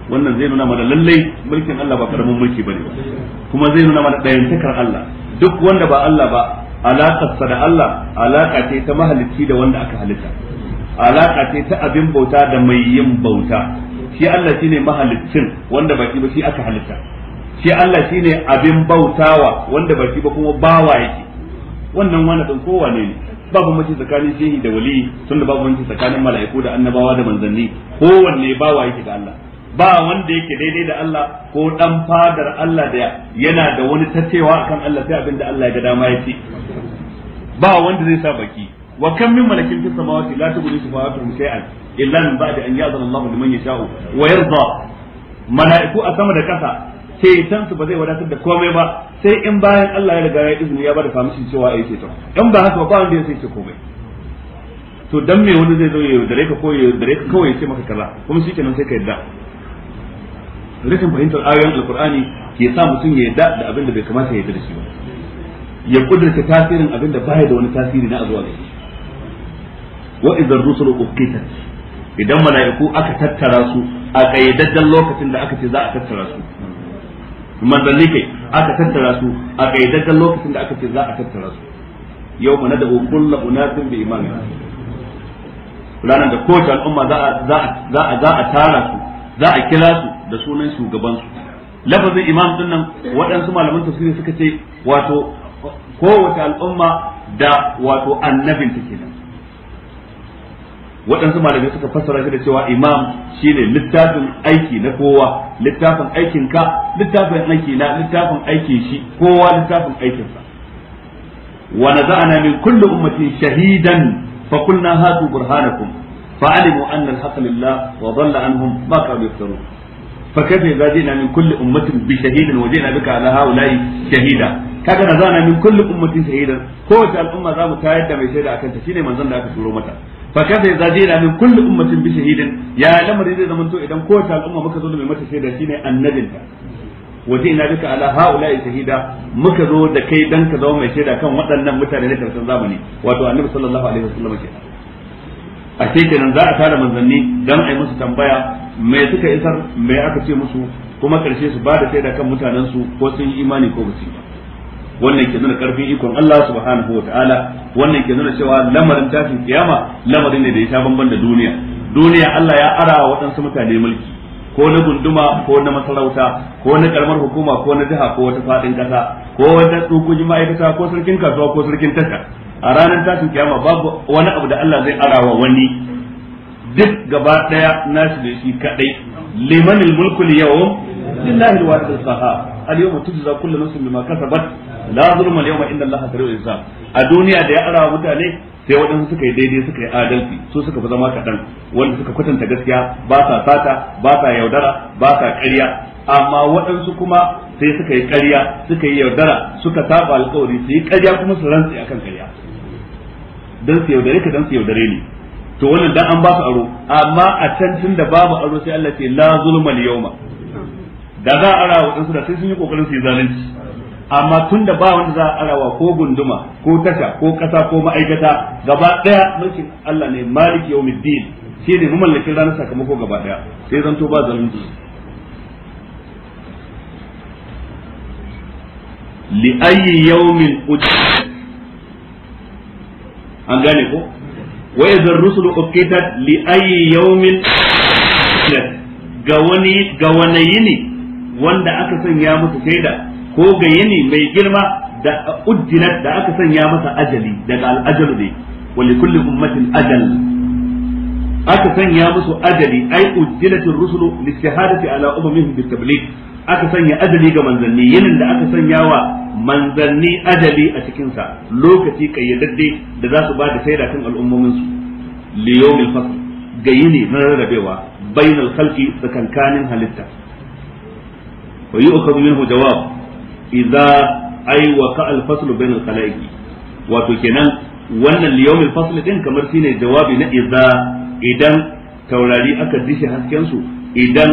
wannan zai nuna mana lallai mulkin Allah ba karamin mulki bane ba kuma zai nuna mana dayantakar Allah duk wanda ba Allah ba alaƙarsa da Allah alaƙa ce ta mahalicci da wanda aka halitta alaƙa ce ta abin bauta da mai yin bauta shi Allah shine mahaliccin wanda baki ba shi aka halitta shi Allah shine abin bautawa wanda baki ba kuma bawa yake wannan wani dan ne ne babu mace tsakanin shehi da wali tunda babu mace tsakanin mala'iku da annabawa da manzanni kowanne bawa yake ga Allah ba wanda yake daidai da Allah ko dan fadar Allah da yana da wani tacewa akan Allah sai abinda Allah ya ga dama yake ba wanda zai sa baki wa kam min malakin fis samawati la tughni shafa'atuhum shay'an illa min ba'di an ya'zana Allahu liman yasha'u wa yarda mala'iku a sama da kasa ceton su ba zai wadatar da komai ba sai in bayan Allah ya riga ya izini ya bada permission cewa ai ceton in ba haka ba wanda ya sai ce komai to dan me wani zai zo ya dare ka ko ya dare ka kawai sai maka kaza kuma shi kenan sai ka yadda rashin fahimtar ayoyin alqur'ani ke sa mutum ya yadda da abin da bai kamata ya yadda da shi ba ya kudurta tasirin abin da baya da wani tasiri na azuwa gare wa idan rusul uqitat idan mala'iku aka tattara su a kayyadaddan lokacin da aka ce za a tattara su manzanni kai aka tattara su a kaidaddan lokacin da aka ce za a tattara su yau mana da kullu unasin bi imami ranar da kowace al'umma za a za a za a tara su za a kira su da sunan shugaban su lafazin imam din nan waɗansu malaman tafsiri suka ce wato kowace al'umma da wato annabin take nan waɗansu malamai suka fassara shi da cewa imam shine littafin aiki na kowa littafin aikin ka littafin aiki na littafin aikin shi kowa littafin aikin sa wa naza'ana min kulli ummatin shahidan fa qulna hatu burhanakum fa alimu anna al-haqqa lillah wa dhalla anhum ma kanu yaftarun fa kayfa idza ji'na min kulli ummatin bi shahidin wa ji'na bika ala haula'i shahida kaga naza'ana min kulli ummatin shahidan kowace al'umma za mu tayar da mai shaida akan ta shine manzon da aka turo mata fa kaza idza jina min kulli ummatin bi shahidin ya lamari zai zama to idan kowace al'umma muka zo da mai mata shaida shine annabinta waje ina duka ala haula'i shahida muka zo da kai dan ka zama mai shaida kan waɗannan mutane na karshen zamani wato annabi sallallahu alaihi wasallam ke a ce kenan za a tara manzanni dan ai musu tambaya me suka isar me aka ce musu kuma karshe su ba da shaida kan mutanen su ko sun yi imani ko ba su yi wannan ke nuna karfin ikon Allah subhanahu wataala wannan ke nuna cewa lamarin tashin kiyama lamarin ne da ya sha bamban da duniya duniya Allah ya ara wa waɗansu mutane mulki ko na gunduma ko na masarauta ko na karamar hukuma ko na jiha ko wata fadin kasa ko wata tsokoji ma'aikata ko sarkin kasuwa ko sarkin tasha a ranar tashin kiyama babu wani abu da Allah zai ara wa wani duk gaba daya nasu da shi kadai limanil mulkul yau. lillahi alwahid alqahhar al-yawma tujza kullu nafsin bima kasabat la zulma al-yawma inna allaha sari'ul hisab a duniya da ya ara mutane sai waɗansu suka yi daidai suka yi adalci su suka fi zama kaɗan wanda suka kwatanta gaskiya ba sa sata ba sa yaudara ba sa ƙarya amma waɗansu kuma sai suka yi ƙarya suka yi yaudara suka saba alƙawari su yi ƙarya kuma su rantsi akan ƙarya dan su yaudare ka dan su yaudare ni to wannan dan an ba su aro amma a can tun da babu aro sai Allah ce la zulmal yawma da za a ara wa da sai sun yi kokarin su yi zalunci amma tun da ba wanda za a arawa ko gunduma ko tasha ko kasa ko ma'aikata gaba daya mulkin Allah ne maliki yawmiddin shi ne mamallakin ranar sakamako gaba daya sai zanto ba zalunci li ayyi yawmin ujjal an gane ko wa idza rusulu uqitat li ayyi yawmin ga wani ga wani yini wanda aka sanya musu shaida ko ga yini mai girma da ujjilat da aka sanya masa ajali daga al'ajal ne wa li kulli ummatin ajal aka sanya musu ajali ai ujjilatir rusulu li shahadati ala ummihim bit tabligh aka sanya ajali ga manzanni yinin da aka sanya wa manzanni ajali a cikin sa lokaci kayyadadde da za su ba da shaida kan al'ummomin su li yawmil fasl ga yini na rarrabewa bainal khalqi tsakankanin halitta wa yu'khadhu minhu jawab idza ay waqa al fasl bain al khalaiq wannan liyawm fasl din kamar shine jawabi na idza idan taurari aka dishe hasken su idan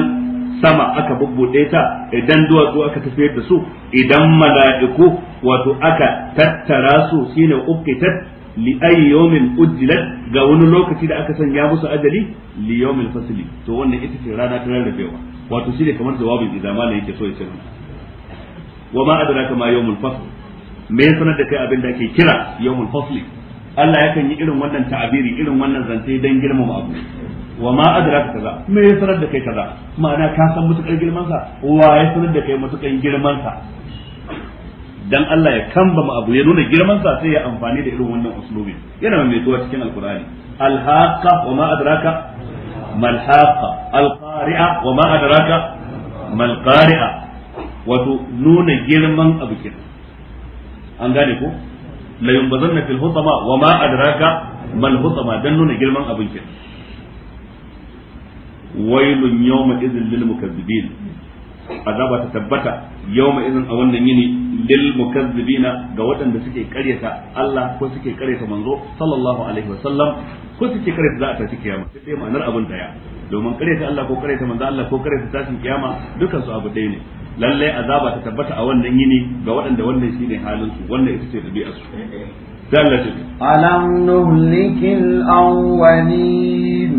sama aka bubbude ta idan duwatsu aka tafiyar da su idan mala'iku wato aka tattara su shine uqitat li ayi yawmin ujjilat ga wani lokaci da aka sanya musu ajali li fasli to wannan ita ce rana ta rarrabewa wato shine kamar jawabin idama ne yake so ya ce mana wa ma adraka ma yawmul fasl me ya sanar da kai abin da ake kira yawmul fasl Allah yakan yi irin wannan ta'abiri irin wannan zance dan girmama abu wa ma adraka kaza me ya sanar da kai kaza ma'ana ka san mutukar girman sa wa ya sanar da kai mutukar girman sa dan Allah ya kamba kambama abu ya nuna girman sa sai ya amfani da irin wannan uslubi yana mai tuwa cikin alqur'ani alhaqa wa ma adraka mal haqa al qari'a wa ma adraka mal qari'a nuna girman abu an gane ko la yunbazanna fil hutama wa ma adraka mal hutama dan nuna girman abin kenan wailun yawma tabbata Yau mai izin a wannan yini lil mukazzibina ga waɗanda suke karyata Allah ko suke karyata manzo sallallahu alaihi wasallam ko suke karyata za a tashi kiyama sai ma'anar abin daya domin karyata Allah ko karyata manzo Allah ko karyata tashin kiyama dukan su abu ɗaya ne lalle azaba ta tabbata a wannan yini ga waɗanda wannan shine halin su wannan ita ce dabi'ar su ألم نهلك الأولين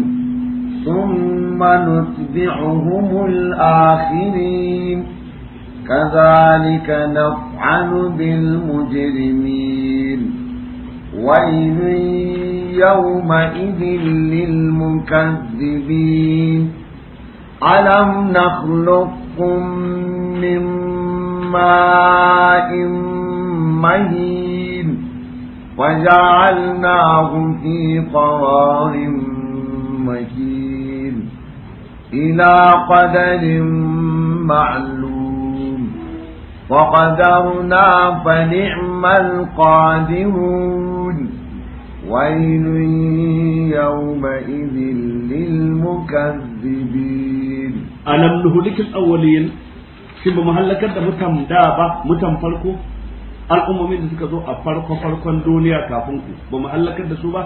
ثم نتبعهم الآخرين كذلك نفعل بالمجرمين ويل يومئذ للمكذبين ألم نخلقكم من ماء مهين وجعلناه في قرار مكين إلى قدر معلوم فقدرنا فنعم القادرون ويل يومئذ للمكذبين ألم نهلك الأولين shin ba mu halakar da mutan da ba mutan farko al'ummomin da suka zo a farko farkon duniya kafin ku ba mu halakar da su ba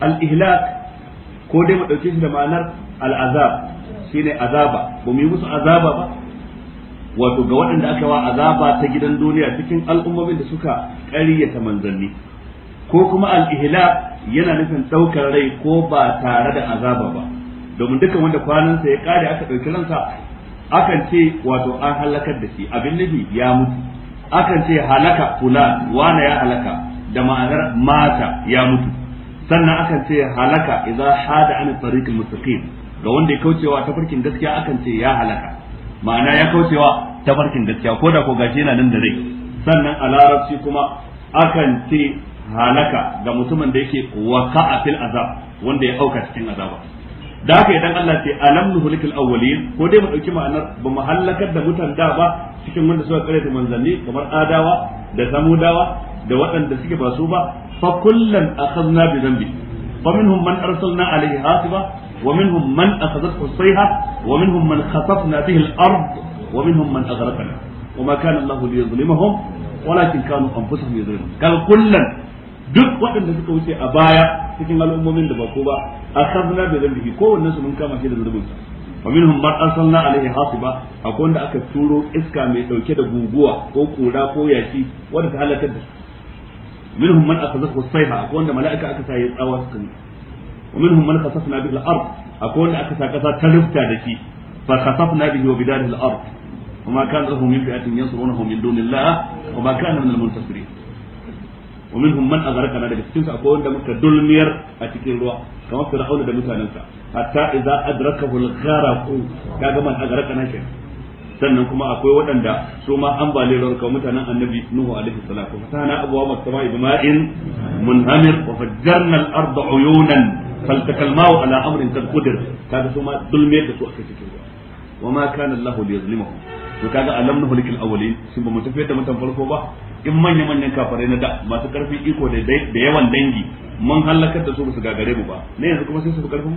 al ko dai mu dauke shi da ma'anar al-azab shine azaba ba mu yi musu azaba ba wato ga waɗanda aka wa azaba ta gidan duniya cikin al'ummomin da suka ƙaryata manzanni ko kuma al'ihila yana nufin ɗaukar rai ko ba tare da azaba ba domin dukkan wanda kwanansa ya ƙare aka ɗauki ransa akan ce wato an halakar da shi abin nufi ya mutu akan ce halaka kula wane ya halaka da ma'anar mata ya mutu sannan akan ce halaka idan hada an tsarikin mustaqim ga wanda ya kaucewa ta tafarkin gaskiya akan ce ya halaka ma'ana ya kaucewa tafarkin gaskiya ko da ko gashi yana nan da rai sannan a larabci kuma akan ce halaka ga mutumin da yake a fil azab wanda ya auka cikin azaba da haka idan Allah ce alam nuhlikal awwalin ko dai mu dauki ma'anar ba mu halakar da mutan da ba cikin wanda suka kare da manzanni kamar adawa da samudawa da waɗanda suke ba su ba fa kullan akhadna bi dhanbi fa minhum man arsalna alayhi hasiba ومنهم من أخذته الصيحة ومنهم من خسفنا به الأرض ومنهم من أغرقنا وما كان الله ليظلمهم ولكن كانوا أنفسهم يظلمون قال كلا duk waɗanda suka wuce a baya cikin al'ummomin da ba ko ba akhadna bi dhanbihi ko wannan su mun kama shi da zunubin fa minhum man arsalna hasiba akwai wanda aka turo iska mai dauke da guguwa ko kura ko yashi wanda ta halakar da su minhum man akhadhathu sayha akwai wanda mala'ika aka sa ya tsawa suka ومنهم من خسفنا به الارض اكون اكسا كسا تلفتا دشي فخسفنا به وبداره الارض وما كان له من فئه ينصرونه من دون الله وما كان من المنتصرين ومنهم من أغرقنا daga cikin su akwai wanda muka dulmiyar a cikin ruwa kamar Fir'auna da mutanensa hatta idza adrakahu al-gharaqu na sannan kuma akwai waɗanda su ma ambaliyar ruwa kamar mutanen Annabi Nuhu alaihi salatu wa sana abwa masama'i bima'in munhamir wa fajjarna al uyunan فالتكلموا على امر amrin kad كذا ثم su ma da su aka cikin ruwa wa ma kana Allahu liyazlimahum to kaga alam nahu likal farko ba in manya manyan kafare na da masu karfi iko da da yawan dangi mun halakar da su ba su gagare mu ba ne yanzu kuma sai su karfin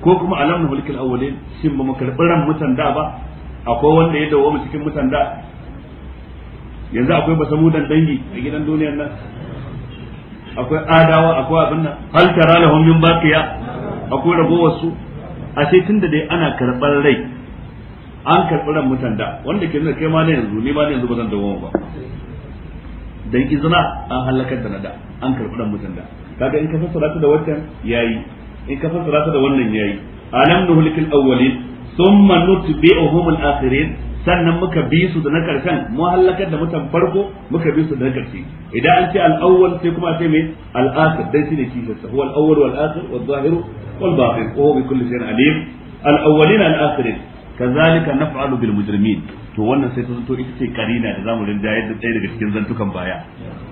ko kuma alam awwalin shin ba mu karbi ran mutan da ba akwai wanda ya cikin mutan da yanzu akwai dan dangi a gidan duniyar nan akwai adawa akwai abin nan hal tara lahum min baqiya akwai rabo wasu a sai tunda dai ana karɓar rai an karɓi ran mutan da wanda ke nuna kai ma ne yanzu ni ma ne yanzu ba zan dawo ba dan izina an halakar da nada an karɓi ran mutan da kaga in ka fassara ta da wannan yayi in ka fassara ta da wannan yayi alam nuhlikil awwalin thumma nutbi'uhum al-akhirin sannan muka bi su da na karshen mu halakar da mutan farko muka bi su da na karshe idan an ce al-awwal sai kuma sai mai al-akhir dan shine kishin sa huwa al-awwal wal akhir wal zahir wal batin wa huwa bi kulli shay'in alim al-awwalin al-akhirin kazalika naf'alu bil mujrimin to wannan sai ta zanto ita ce karina da zamu rinda yadda tsaye daga cikin zantukan baya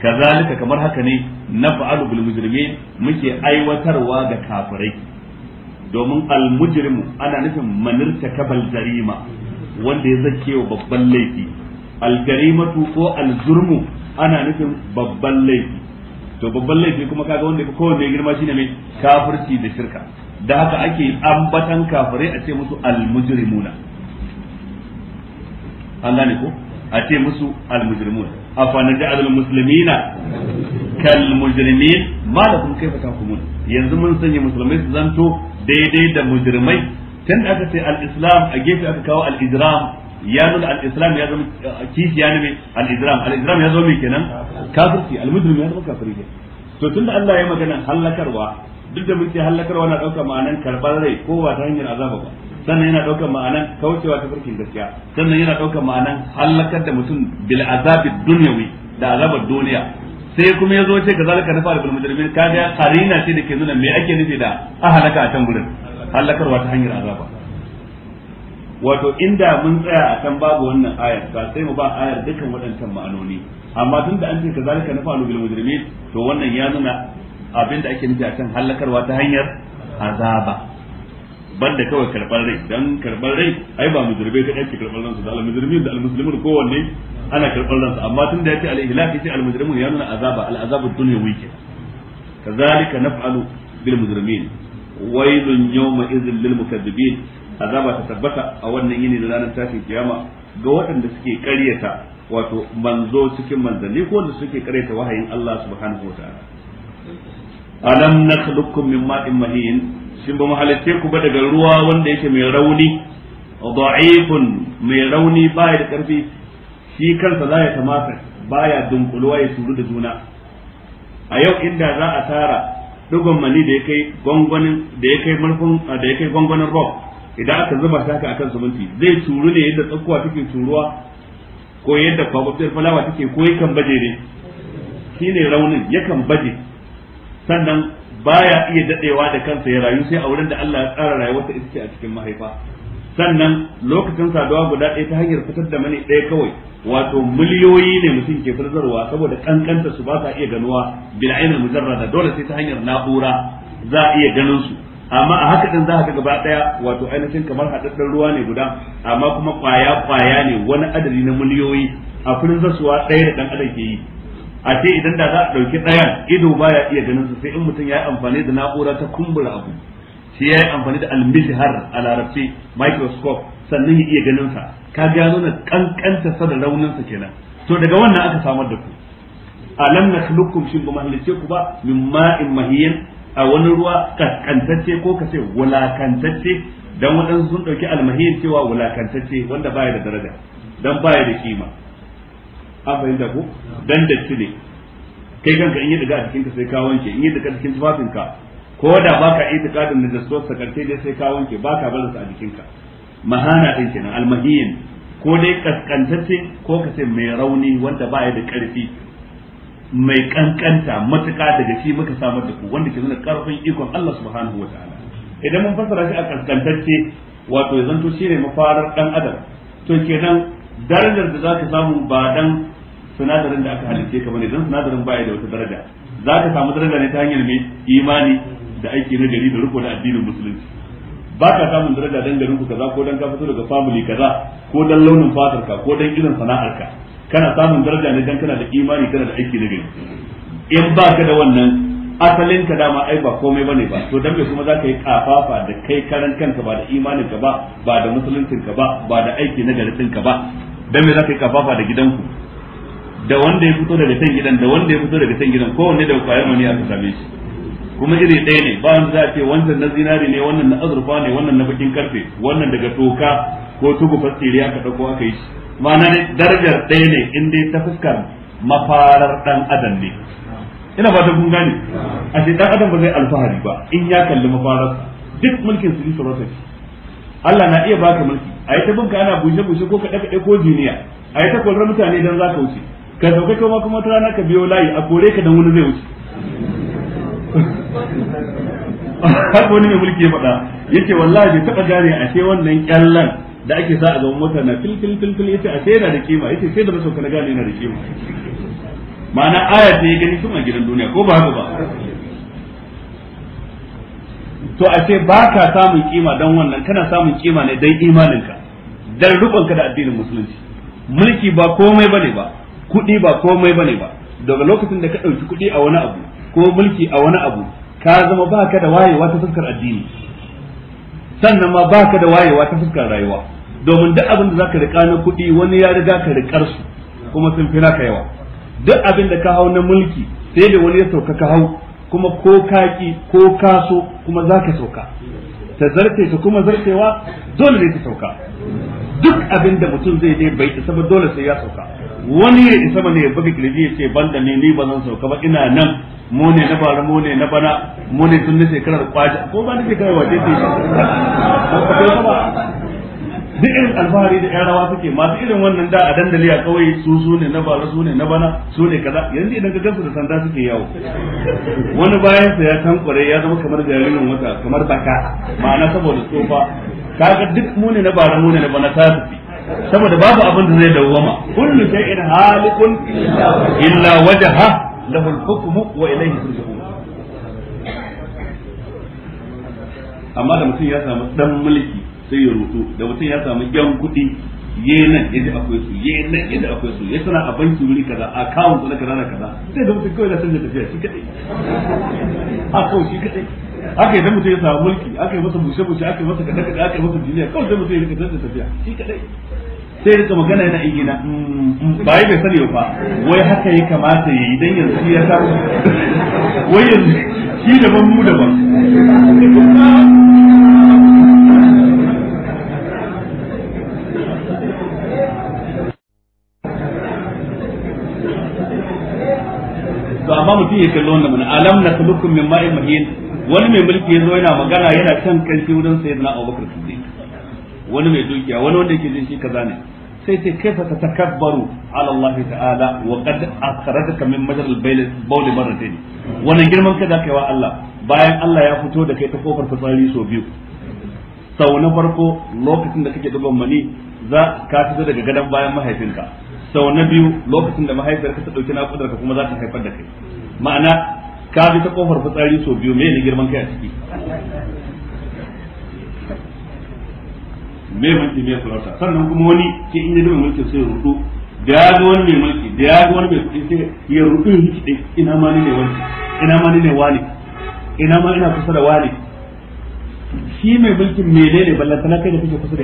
kazalika kamar haka ne naf'alu bil mujrimin muke aiwatarwa ga kafirai domin al mujrimu ana nufin manirta kabal jarima wanda ya zake wa babban laifi algarimatu ko alzurmu ana nufin babban laifi to babban laifi kuma kaga wanda ko wanda girma shi ne kafirci da shirka da haka ake ambatan kafirai a ce musu almujrimuna an gane ko a ce musu almujrimuna afana ja'al muslimina kal mujrimin malakum kaifa mun. yanzu mun sanya musulmai su zanto daidai da mujrimai tun da aka ce al-islam a gefe aka kawo al-idram ya nuna al-islam ya zama uh, kishiya ne al-idram al-idram ya zama mai kenan kafirci al-mujrim ya zama kafiri ne to tunda Allah ya magana halakarwa duk da muke halakarwa na dauka ma'anan karbar rai ko ba ta hanyar azaba ba sannan yana daukar ma'anan kaucewa ta farkin gaskiya sannan yana daukar ma'anan halakar da mutum bil azabi dunyawi da azabar duniya sai kuma ya zo ce ka zalika nafa bil mujrimin kaga karina ce da ke nuna me ake nufi da ahalaka a can gurin hallakarwa ta hanyar azaba wato inda mun tsaya a kan babu wannan ayar ba sai mu ba ayar dukkan waɗancan ma'anoni amma tun da an ce kazalika na fa'alu bil mujrimin to wannan ya nuna abin da ake nufi a akan hallakarwa ta hanyar azaba banda kawai karɓar rai dan karɓar rai ai ba mujrimai ka ake karɓar ransu da al da al kowanne ana karɓar ransu amma tun da yace al-ihlaq yace al-mujrimun ya nuna azaba al-azabu dunyawi ke kazalika naf'alu bil mujrimin wailun yawma izin lil mukazzibin azaba ta tabbata a wannan yini da ranar tashin kiyama ga waɗanda suke ƙaryata wato manzo cikin manzanni ko wanda suke ƙaryata wahayin Allah subhanahu wataala alam nakhluqukum min ma'in mahin shin ba mu halitte ku ba daga ruwa wanda yake mai rauni da'ifun mai rauni baya da karfi shi kansa za ya tamata baya dunkuluwa ya suru da juna a yau inda za a tara dugon mani da ya kai gwangwanin da ya kai murfin da ya kai gwangwanin rock idan aka zuba shi haka akan zumunci zai turu ne yadda tsakuwa take turuwa ko yadda falawa falawa take ko yakan baje ne shine raunin yakan baje sannan baya iya dadewa da kansa ya rayu sai a wurin da Allah ya tsara rayuwarsa ita ce a cikin mahaifa sannan lokacin saduwa guda ɗaya ta hanyar fitar da mani ɗaya kawai wato miliyoyi ne mutum ke fitarwa saboda kankanta su ba sa iya ganuwa ainihin mujarra mujarrada dole sai ta hanyar na'ura za a iya ganin su amma a haka ɗin za a ka gaba ɗaya wato ainihin kamar haɗaɗɗen ruwa ne guda amma kuma ƙwaya ƙwaya ne wani adadi na miliyoyi a kullun zasuwa ɗaya da ɗan adam ke yi a ce idan da za a ɗauki ɗayan ido baya iya ganin su sai in mutum ya yi amfani da na'ura ta kumbura abu shi yi amfani da almishihar a larabci microscope sannan ya iya ganin sa ka ya nuna kankanta sa da raunin sa kenan to daga wannan aka samar da ku alam nakhluqukum shi kuma halice ku ba min ma'in mahiyin a wani ruwa kankantacce ko ka ce wulakantacce dan waɗansu sun ɗauki almahiyin cewa wulakantacce wanda baya da daraja dan baya da kima an fahimta ku. dan datti ne kai kanka in yi daga a ka sai ka wanke in yi daga cikin tufafinka ko da baka itikadin da zasu sa karshe dai sai ka wanke baka bar su a ka. mahana din kenan almahiyin ko dai kaskantacce ko ka ce mai rauni wanda ba ya da karfi mai kankanta matuka daga shi muka samar da ku wanda ke nuna karfin ikon Allah subhanahu wa idan mun fassara shi a kaskantacce wato ya zanto shine mafarar dan adam to kenan darajar da zaka samu ba dan sinadarin da aka halice ka bane dan sinadarin ya da wata daraja zaka samu daraja ne ta hanyar mai imani da aiki na gari da riko da addinin musulunci ba ka samun daraja dan garin ku kaza ko dan ka fito daga family kaza ko dan launin fatar ka ko dan irin sana'arka kana samun daraja ne dan kana da imani kana da aiki na gari in ba ka da wannan asalin ka dama ai ba komai bane ba to dan me kuma zaka yi kafafa da kai karan kanka ba da imanin ka ba ba da musuluncin ka ba ba da aiki na gari ka ba dan me zaka yi kafafa da gidanku da wanda ya fito daga san gidan da wanda ya fito daga san gidan kowanne da kwayar mani ta same shi kuma iri ɗaya ne ba wanda za a ce wannan na zinari ne wannan na azurfa ne wannan na bakin karfe wannan daga toka ko tugu fasiri aka ɗauko aka yi shi ma'ana darajar ɗaya ne in dai ta fuskar mafarar ɗan adam ne ina ba ta kun gane a ce ɗan adam ba zai alfahari ba in ya kalli mafarar duk mulkin su sarauta ce Allah na iya baka mulki a yi ta binka ana bushe-bushe ko kaɗe-kaɗe ko jiniya a yi ta kwarar mutane don za ka wuce ka sauka kuma kuma ta rana ka biyo layi a kore ka don wani zai wuce haka wani ne mulki ya faɗa yake wallahi bai taɓa gane a ce wannan kyallan da ake sa a gaban mota na fil fil fil fil yace a ce yana da kima yace sai da na sauka na gane yana da kima ma'ana aya ta ya gani tun a gidan duniya ko ba haka ba to a ce ba ka samun kima don wannan kana samun kima ne don imaninka don rubanka da addinin musulunci mulki ba komai bane ba kuɗi ba komai bane ba daga lokacin da ka ɗauki kuɗi a wani abu ko mulki a wani abu ka zama baka da wayewa ta fuskar addini sannan ma baka da wayewa ta fuskar rayuwa domin duk abin da zaka rika na kuɗi wani ya riga ka rikar su kuma sun fi naka yawa duk abin da ka hau na mulki sai da wani ya sauka ka hau kuma ko kaki ko kaso kuma zaka sauka ta zarce ta kuma zarcewa dole ne ta sauka duk abin da mutum zai dai bai isa ba dole sai ya sauka wani ya isa mana ya buga kirji ya ce banda ne ni ba zan sauka ba ina nan mu ne na bara mu ne na bana mu ne tun na shekarar kwaji ko ba na shekarar wace ce duk irin alfahari da yarawa suke masu irin wannan da a dandali a kawai su su ne na bara su ne na bana su ne kaza yanzu idan ka gansu da sanda suke yawo wani bayan sa ya tankware ya zama kamar jaririn wata kamar baka ma'ana saboda tsofa kaga duk mu ne na bara mu ne na bana ta tafi saboda babu abin da zai dawwama kullu shay'in halikun illa wajha lahu al-hukmu wa ilayhi turja'un amma da mutum ya samu dan mulki sai ya rutu da mutum ya samu gyan kudi ye nan yadda akwai su ye nan yadda akwai su ya sana a banki wuri kaza a kawun na kaza na kaza sai da mutum kawai na sanya tafiya shi kadai a kawai shi kadai aka da mutum ya samu mulki aka yi masa bushe-bushe aka yi masa kada-kada aka yi masa jiniya kawai sai mutum ya rika tattar tafiya shi kadai sai rika magana yana gina mm, mm, ba yi bai sani ba wai haka ya kamata ya yi dan yanzu ya samu [laughs] wai yanzu shi daban mu daban mutum ya kalli wannan mana alam na min ma'in mahin wani mai mulki ya yana magana yana can kanshi wurin na Abubakar Siddiq wani mai dukiya wani wanda yake jin shi kaza ne sai kai ka takabbaru ala Allah ta'ala wa qad akhrajaka min majra al-bayl bawl marratayn wannan girman kada kai wa Allah bayan Allah ya fito da kai ta kofar fitsari so biyu sau na farko lokacin da kake duban mani za ka fito daga gadon bayan mahaifinka sau na biyu lokacin da mahaifiyarka ta dauki kudar ka kuma za ta haifar da kai ma'ana ka bi ta kofar fitsari so biyu me ne girman kai a ciki me mulki me kulauta sannan kuma wani ke in yi mulki sai ya rudu da ya ga wani mai mulki da ya ga wani mai kudi sai ya rudu ya hiki ina ma ne ne wani ina ma ne ne wani ina ma ina kusa da wani shi mai mulkin menene ballantana kai da kake kusa da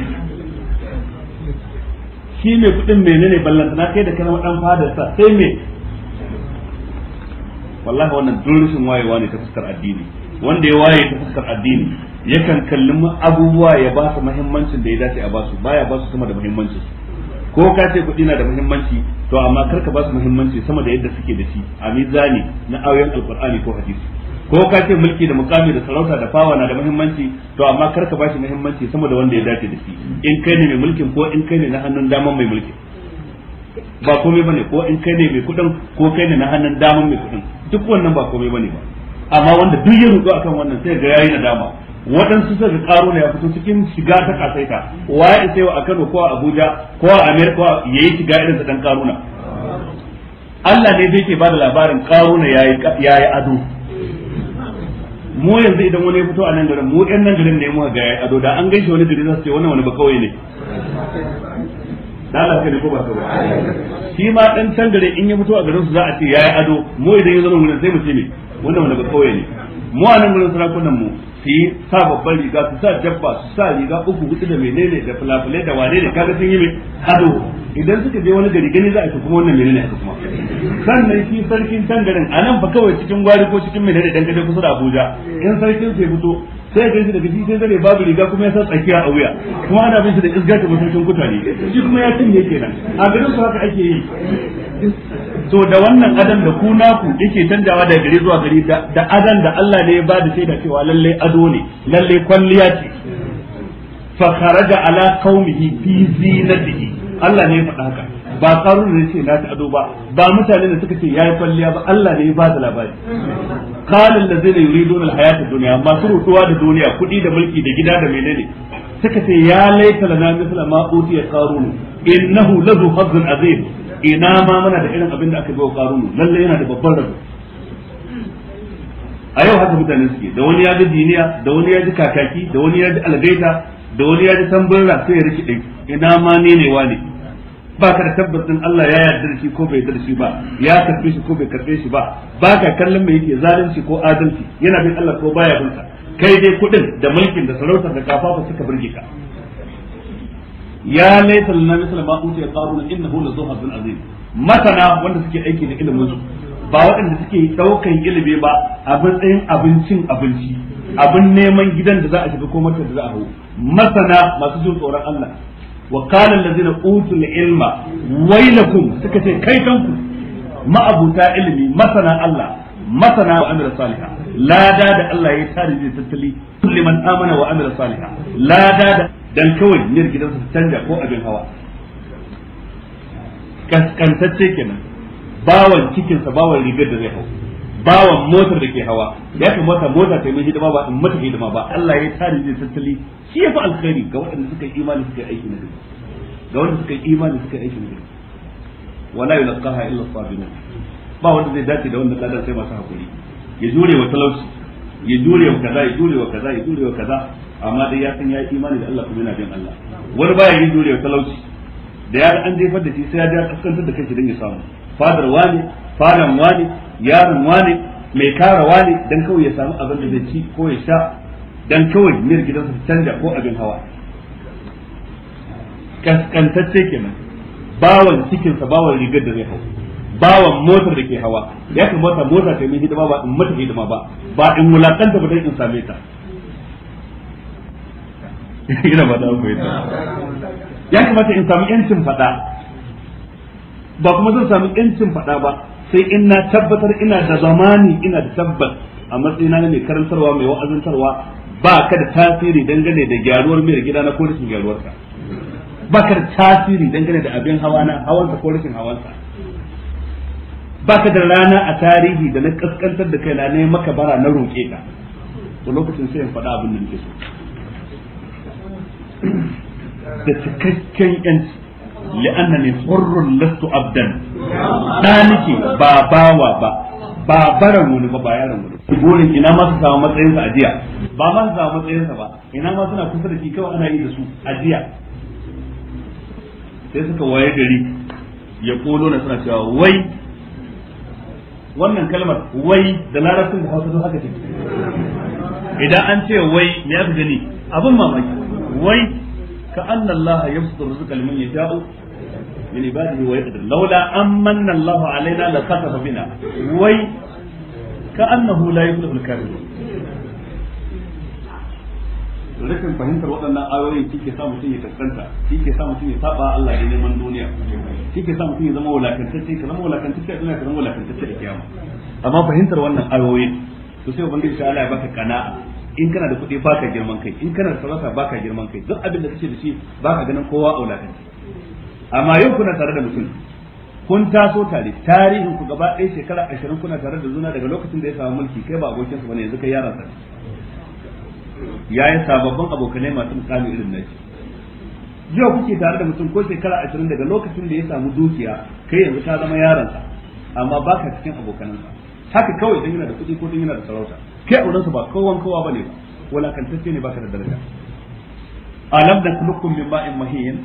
shi shi mai ne menene ballantana kai da kana dan fadarsa sai me wallahi wannan duk rashin wayewa ne ta fuskar addini wanda ya waye ta fuskar addini yakan kalli abubuwa ya ba su muhimmancin da ya dace a ba su baya ba su sama da muhimmanci. ko ka ce kuɗi na da muhimmanci to amma kar ka ba su muhimmanci sama da yadda suke da shi a mizani na ayoyin Alqur'ani ko hadisi ko ka ce mulki da mukami da sarauta da fawa na da muhimmanci to amma kar ka ba shi muhimmanci sama da wanda ya dace da shi in kai ne mai mulkin ko in kai ne na hannun daman mai mulkin ba komai bane ko in kai ne mai kudin ko kai ne na hannun daman mai kudin duk wannan ba komai bane ba amma wanda duk ya rudu akan wannan sai ga yayi dama waɗansu suka karo ne ya fito cikin shiga ta kasaita waye sai wa a Kano ko a Abuja ko a America yayi shiga irin sa dan karuna Allah ne zai ke da labarin karuna yayi yayi ado mu yanzu idan wani ya fito a nan garin mu ɗan nan garin ne mu ga yayi ado da an gaishe wani da zai ce wannan wani ba kawai ne lalace ne ko ba ta ba shi ma dan can gare in ya fito a garin su za a ce yayi ado mu idan ya zama mun sai mu ce me wannan wani kauye ne mu a nan gurin sarakunan mu su yi sa babban riga su sa jabba su sa riga uku hudu da menene da fulafulai da wane ne kaga sun yi mai ado idan suka je wani gari gani za a ci kuma wannan menene aka kuma sannan shi sarkin tangaren a nan fa kawai cikin gwari ko cikin menene dan kaje kusa da Abuja in sarkin sai fito sai ya shi daga shi sai zare babu riga kuma ya sa tsakiya a wuya kuma ana bin shi da isgar da mutuncin kutane shi kuma ya cinye kenan a garin su haka ake yi to da wannan adam da ku naku yake canjawa daga gari zuwa gari da adam da Allah ne ya ba da shaida cewa lalle ado ne lallai kwalliya ce fa da ala qaumihi fi zinatihi Allah ne ya faɗa haka ba karun ne ce na ta ado ba ba mutane da suka ce ya yi kwalliya ba Allah ne ya ba da labari da allazina yuriduna alhayata duniya, masu rutuwa da duniya kuɗi da mulki da gida da menene suka ce ya laita lana misla ma ya qarun innahu lazu hazzun azim ina ma muna da irin abin da aka bai wa qarun lalle yana da babban rabo a yau haka mutane suke da wani ya ji diniya da wani ya ji kakaki da wani ya ji algaita da wani ya ji tambura sai ya rikide ina ma ne ne wa ne ba ka da tabbacin Allah ya yarda da shi ko bai yarda shi ba ya karbe shi ko bai karbe shi ba ba ka kallon mai yake zalunci ko adalci yana bin Allah ko baya bin sa kai dai kudin da mulkin da sarautar da kafafa suka burge ka ya laysa lana misal ma utiya qarun innahu la zuhadun azim masana wanda suke aiki da ilimin su ba waɗanda suke ɗaukan ilimi ba a matsayin abincin abinci abin neman gidan da za a shiga ko matar da za a hau masana masu jin tsoron Allah wa qala allazina na ilma wailakum suka ce kai tanku ma'abuta ilimi masana Allah masana wa amira saliha lada da Allah ya yi tare da tattali liman amana wa amira saliha lada da dan kawai niyyar gidan su canja ko abin hawa kaskantacce kenan bawan cikinsa bawan rigar da zai hau bawan motar da ke hawa ya kamata mota ta yi mai hidima ba in mata hidima ba Allah ya tare da tattali shi ya fi alkhairi ga waɗanda suka yi imani suka yi aiki na gari ga waɗanda suka yi imani suka yi aiki na gari wala yulqaha illa as biyu ba wanda zai dace da wanda ladan sai masu hakuri ya jure wa talauci ya jure wa kaza ya jure wa kaza ya jure wa kaza amma dai ya san ya yi imani da Allah kuma yana bin Allah wani baya yin jure wa talauci da ya an jefar da shi sai ya ja kaskantar da kai don ya samu fadar wani Fadan wani yaron wani mai kara wani dan kawai ya samu abin da zai ci ko ya sha dan kawai miyar gidansa ta canja ko abin hawa kaskantacce kenan bawan cikinsa bawan rigar da zai hau bawan motar da ke hawa ya kamata mota ta yi hidima ba in mata hidima ba ba in wulakanta ba dan in same ta [laughs] ina ba da ku ta ya kamata in samu yancin fada ba kuma zan samu yancin fada ba sai in na tabbatar ina da zamani ina da tabbas a matsayina na mai karantarwa mai wa'azantarwa ba ka da tasiri dangane da gyaruwar mai gida na kodishin rashin gyaruwarka ba ka da tasiri dangane da abin hawa na hawansa ko rashin hawansa ba ka da rana a tarihi da na kaskantar da kai na ne maka bara na roƙe ka to lokacin sai in faɗa abin da nake so da cikakken yanci li'annani hurrun lastu abdan da nake ba bawa ba ba baran wani ba ba yaran wani ina ma su samu matsayin sa ajiya ba ma su samu matsayin sa ba ina ma suna kusa da shi kawai ana yi da su ajiya sai suka waye gari ya kolo na suna cewa wai wannan kalmar wai da larabcin da hausa sun haka ce idan an ce wai me aka gani abin mamaki wai ka anna Allah yabsutu rizqa liman yasha'u min ibadihi wa yaqdir laula amanna Allah alaina la khatafa bina wai ka annahu fahimtar waɗannan ayoyin shi ke sa mutum ya kaskanta shi ke sa mutum ya saba Allah da neman duniya shi ke sa mutum ya zama wulakantacce ka zama wulakantacce a duniya ka zama wulakantacce a kiyama amma fahimtar wannan ayoyin to sai ubangiji ta Allah ya baka kana'a in kana da kuɗi baka girman kai in kana da sarrafa baka girman kai duk abin da kake da shi baka ganin kowa a kai. amma yau kuna tare da mutum kun taso tare tarihin ku gaba ɗaya shekara ashirin kuna tare da juna daga lokacin da ya samu mulki kai ba abokinsa bane yanzu kai yaran sa yayi sababbin abokanai masu mukami irin shi yau kuke tare da mutum ko shekara ashirin daga lokacin da ya samu dukiya kai yanzu ka zama yaransa amma baka cikin abokanansa haka kawai dan yana da kuɗi ko dan yana da sarauta ke auren su ba kowan kowa bane ba walakantacce ne baka da daraja alam da kulukum min ma'in mahin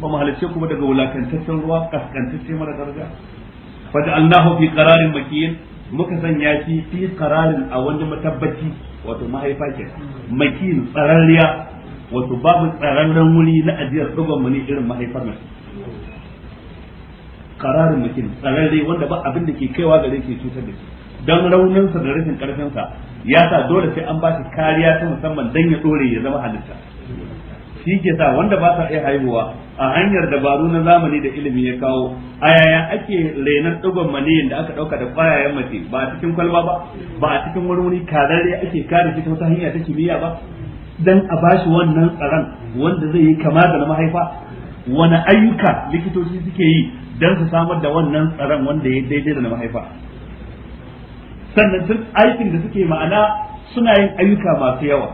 ba mu halice kuma daga wulakantaccen ruwa kaskantacce mara daraja fa ja'alnahu fi qararin makin muka sanya shi fi qararin a wani matabbaci wato mahaifa ke makin tsararriya wato babu tsararren wuri na ajiyar dugon mu ne irin mahaifar nan qararin makin tsararre wanda ba abin da ke kaiwa gare ke cutar da shi dan sa da rashin sa ya sa dole sai an ba shi kariya ta musamman dan ya dore ya zama halitta shi ke sa wanda ba sa iya haihuwa a hanyar dabaru na zamani da ilimi ya kawo a yaya ake renar dugon maniyin da aka dauka da kwayayen mace ba a cikin kwalba ba ba a cikin wani wuri kararre ake kare shi ta wata hanya ta kimiyya ba dan a shi wannan tsaron wanda zai yi kama da na mahaifa wani ayyuka likitoci suke yi dan su samar da wannan tsaron wanda ya daidai da na mahaifa sannan duk aikin da suke ma'ana suna yin ayyuka masu yawa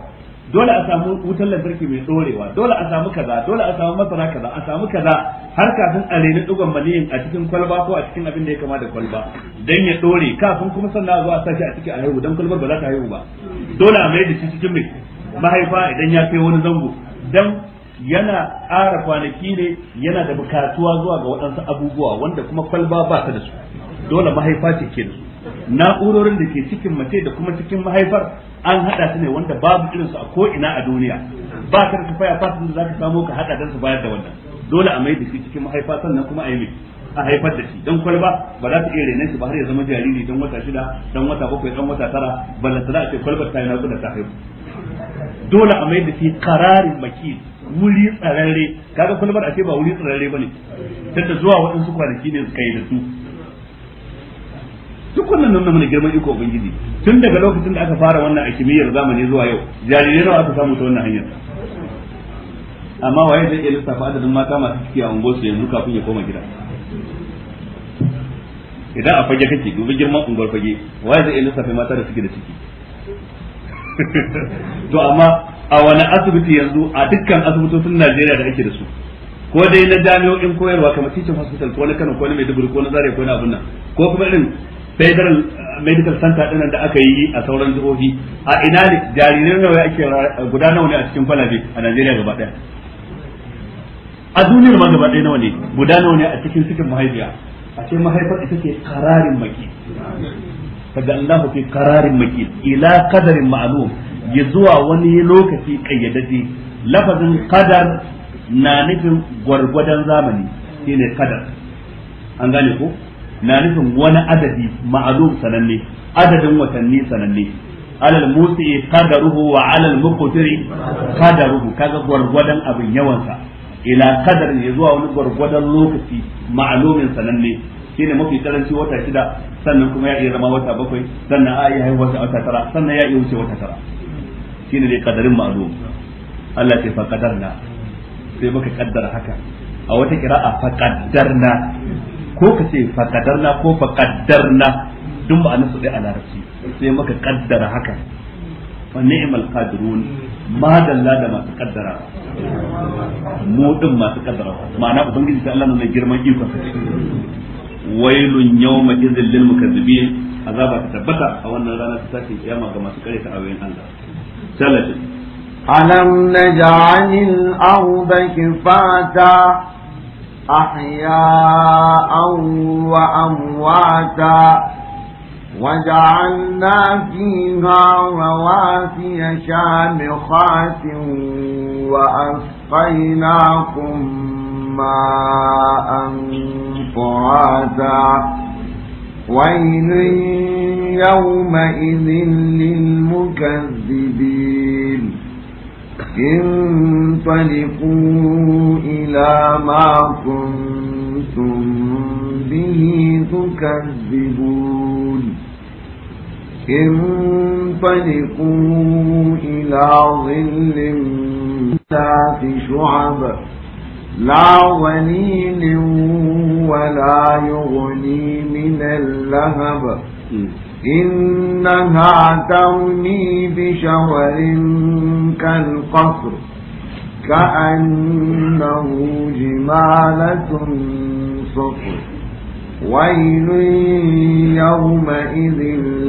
dole a samu wutar lantarki mai dorewa dole a samu kaza dole a samu masara kaza a samu kaza har kafin a reni dugon maniyin a cikin kwalba ko a cikin abin da ya kama da kwalba dan ya dore kafin kuma sannan a zo a sashi a haihu dan kwalbar ba za ta haihu ba dole a mai da shi cikin mai mahaifa idan ya kai wani zango dan yana ƙara kwanaki ne yana da bukatuwa zuwa ga waɗansu abubuwa wanda kuma kwalba ba ta da su dole mahaifa ce ke da su na'urorin da ke cikin mace da kuma cikin mahaifar an hada su ne wanda babu irin su a ko ina a duniya ba ka da tufaya fatin da zaka samu ka hada dan su bayar da wannan dole a mai da shi cikin mahaifa sannan kuma a yi a haifar da shi dan kwalba ba za ta iya rene shi ba har ya zama jariri dan wata shida dan wata bakwai dan wata tara ballanta za a ce kwalbar ta yi na da ta haihu dole a mai da shi kararin maki wuri tsararre kaga kwalbar a ce ba wuri tsararre bane tunda zuwa waɗansu kwanaki ne su yi da su duk wannan nuna mana girman iko ubangiji tun daga lokacin da aka fara wannan a kimiyyar zamani zuwa yau jarirai nawa aka samu ta wannan hanyar amma waye zai iya lissafa adadin mata masu ciki a unguwar su yanzu kafin ya koma gida idan a fage kake dubi girman unguwar fage waye zai iya lissafa mata da suke da ciki [laughs] to amma a wani asibiti yanzu a dukkan asibitocin Najeriya da ake da su ko dai na jami'o'in koyarwa kamar teaching hospital ko na Kano ko na Maiduguri ko na zare ko na abunan ko kuma irin federal uh, medical center dinan da aka yi a sauran jihohi a ina ne jarirai nawa ake guda nawa ne a cikin falabe a Najeriya gaba ɗaya a duniyar ma gaba ɗaya nawa ne guda nawa ne a cikin cikin mahaifiya a ce mahaifar ita ce kararin maki kada Allah fi kararin maki ila kadarin ma'lum ya zuwa wani lokaci kayyadaje lafazin kadar na nufin gwargwadon zamani shine kadar. an gane ko na nufin wani adadi ma'lum sananne adadin watanni sananne alal musi qadaruhu wa alal muqtiri qadaruhu kaga gwargwadon abin yawansa ila kadar ne zuwa wani gwargwadon lokaci ma'lumin sananne shine mafi karanci wata shida sannan kuma ya iya zama wata bakwai sannan a iya haihuwa wata tara sannan ya iya wuce wata tara shine dai kadarin ma'lum Allah ce fa qadarna sai muka kaddara haka a wata kira'a fa qaddarna ko ka ce faqadarna ko faqaddarna duk ma'anar su ɗaya a larabci sai maka ƙaddara haka fa ni'mal qadirun ma dalla da masu ƙaddara. mu din masu ƙaddara. ma'ana ubangiji ta Allah ne girman ikon sa wailun yawma idzil lil mukazzibin azaba ta tabbata a wannan rana ta take kiyama ga masu kare ta ayoyin Allah sallallahu ألم نجعل الأرض Kifata. أحياء وأمواتا وجعلنا فيها رواسي شامخات وأسقيناكم ماء فراتا ويل يومئذ للمكذبين انطلقوا إلى ما كنتم به تكذبون انطلقوا إلى ظل ذات شعب لا ظليل ولا يغني من اللهب إنها تغني بشور كالقصر كأنه جمالة صفر ويل يومئذ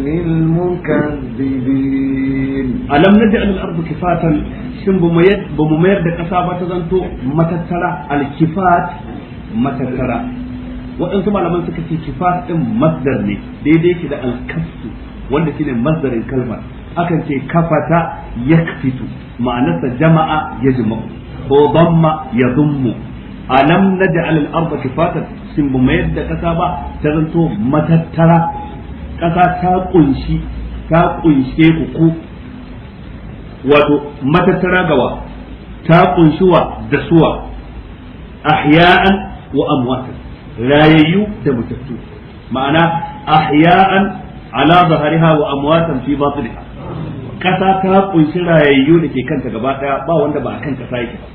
للمكذبين ألم نجعل الأرض كفاة سن ba mu mayar زنتو ƙasa ba ta zanto matattara waɗansu malaman suka ce kifar din masdar ne daidai ki da alkasu wanda shine masdarin kalmar akan ce kafata yakfitu ma'anarsa jama'a ya jima'u ko damma ya zummu alam naj'al al-ardha kifatan sun bu mayar da ƙasa ba ta zanto matattara ƙasa ta kunshi ta kunshe ku ku wato matattara gawa ta kunshuwa da suwa ahya'an wa amwatan rayayyu da mutattu ma'ana ahya'an ala zahariha wa amwatan fi batniha kasa ta kunshi rayayyu da ke kanta gaba daya ba wanda ba kan kasa yake ba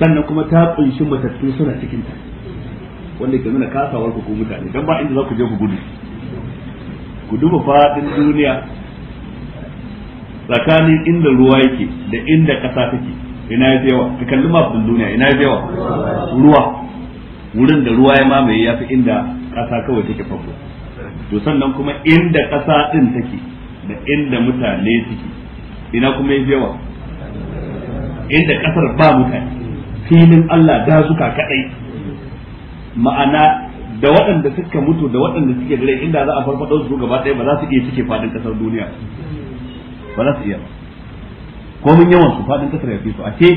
sannan kuma ta kunshi matattu suna cikin ta wanda ke nuna kasawar ku mutane dan ba inda za ku je ku gudu ku duba fadin duniya tsakanin inda ruwa yake da inda kasa take ina yawa ka kalli duniya ina yawa ruwa wurin da ruwa ya mamaye ya fi inda ƙasa kawai take farko to sannan kuma inda ƙasa ɗin take da inda mutane suke ina kuma yafi yawa inda ƙasar ba mutane filin Allah da suka kaɗai ma'ana da waɗanda suka mutu da waɗanda suke da rai inda za a farfaɗo su gaba ɗaya ba za su iya cike faɗin ƙasar duniya ba za su iya ko mun yawan su faɗin ƙasar ya fi su a ce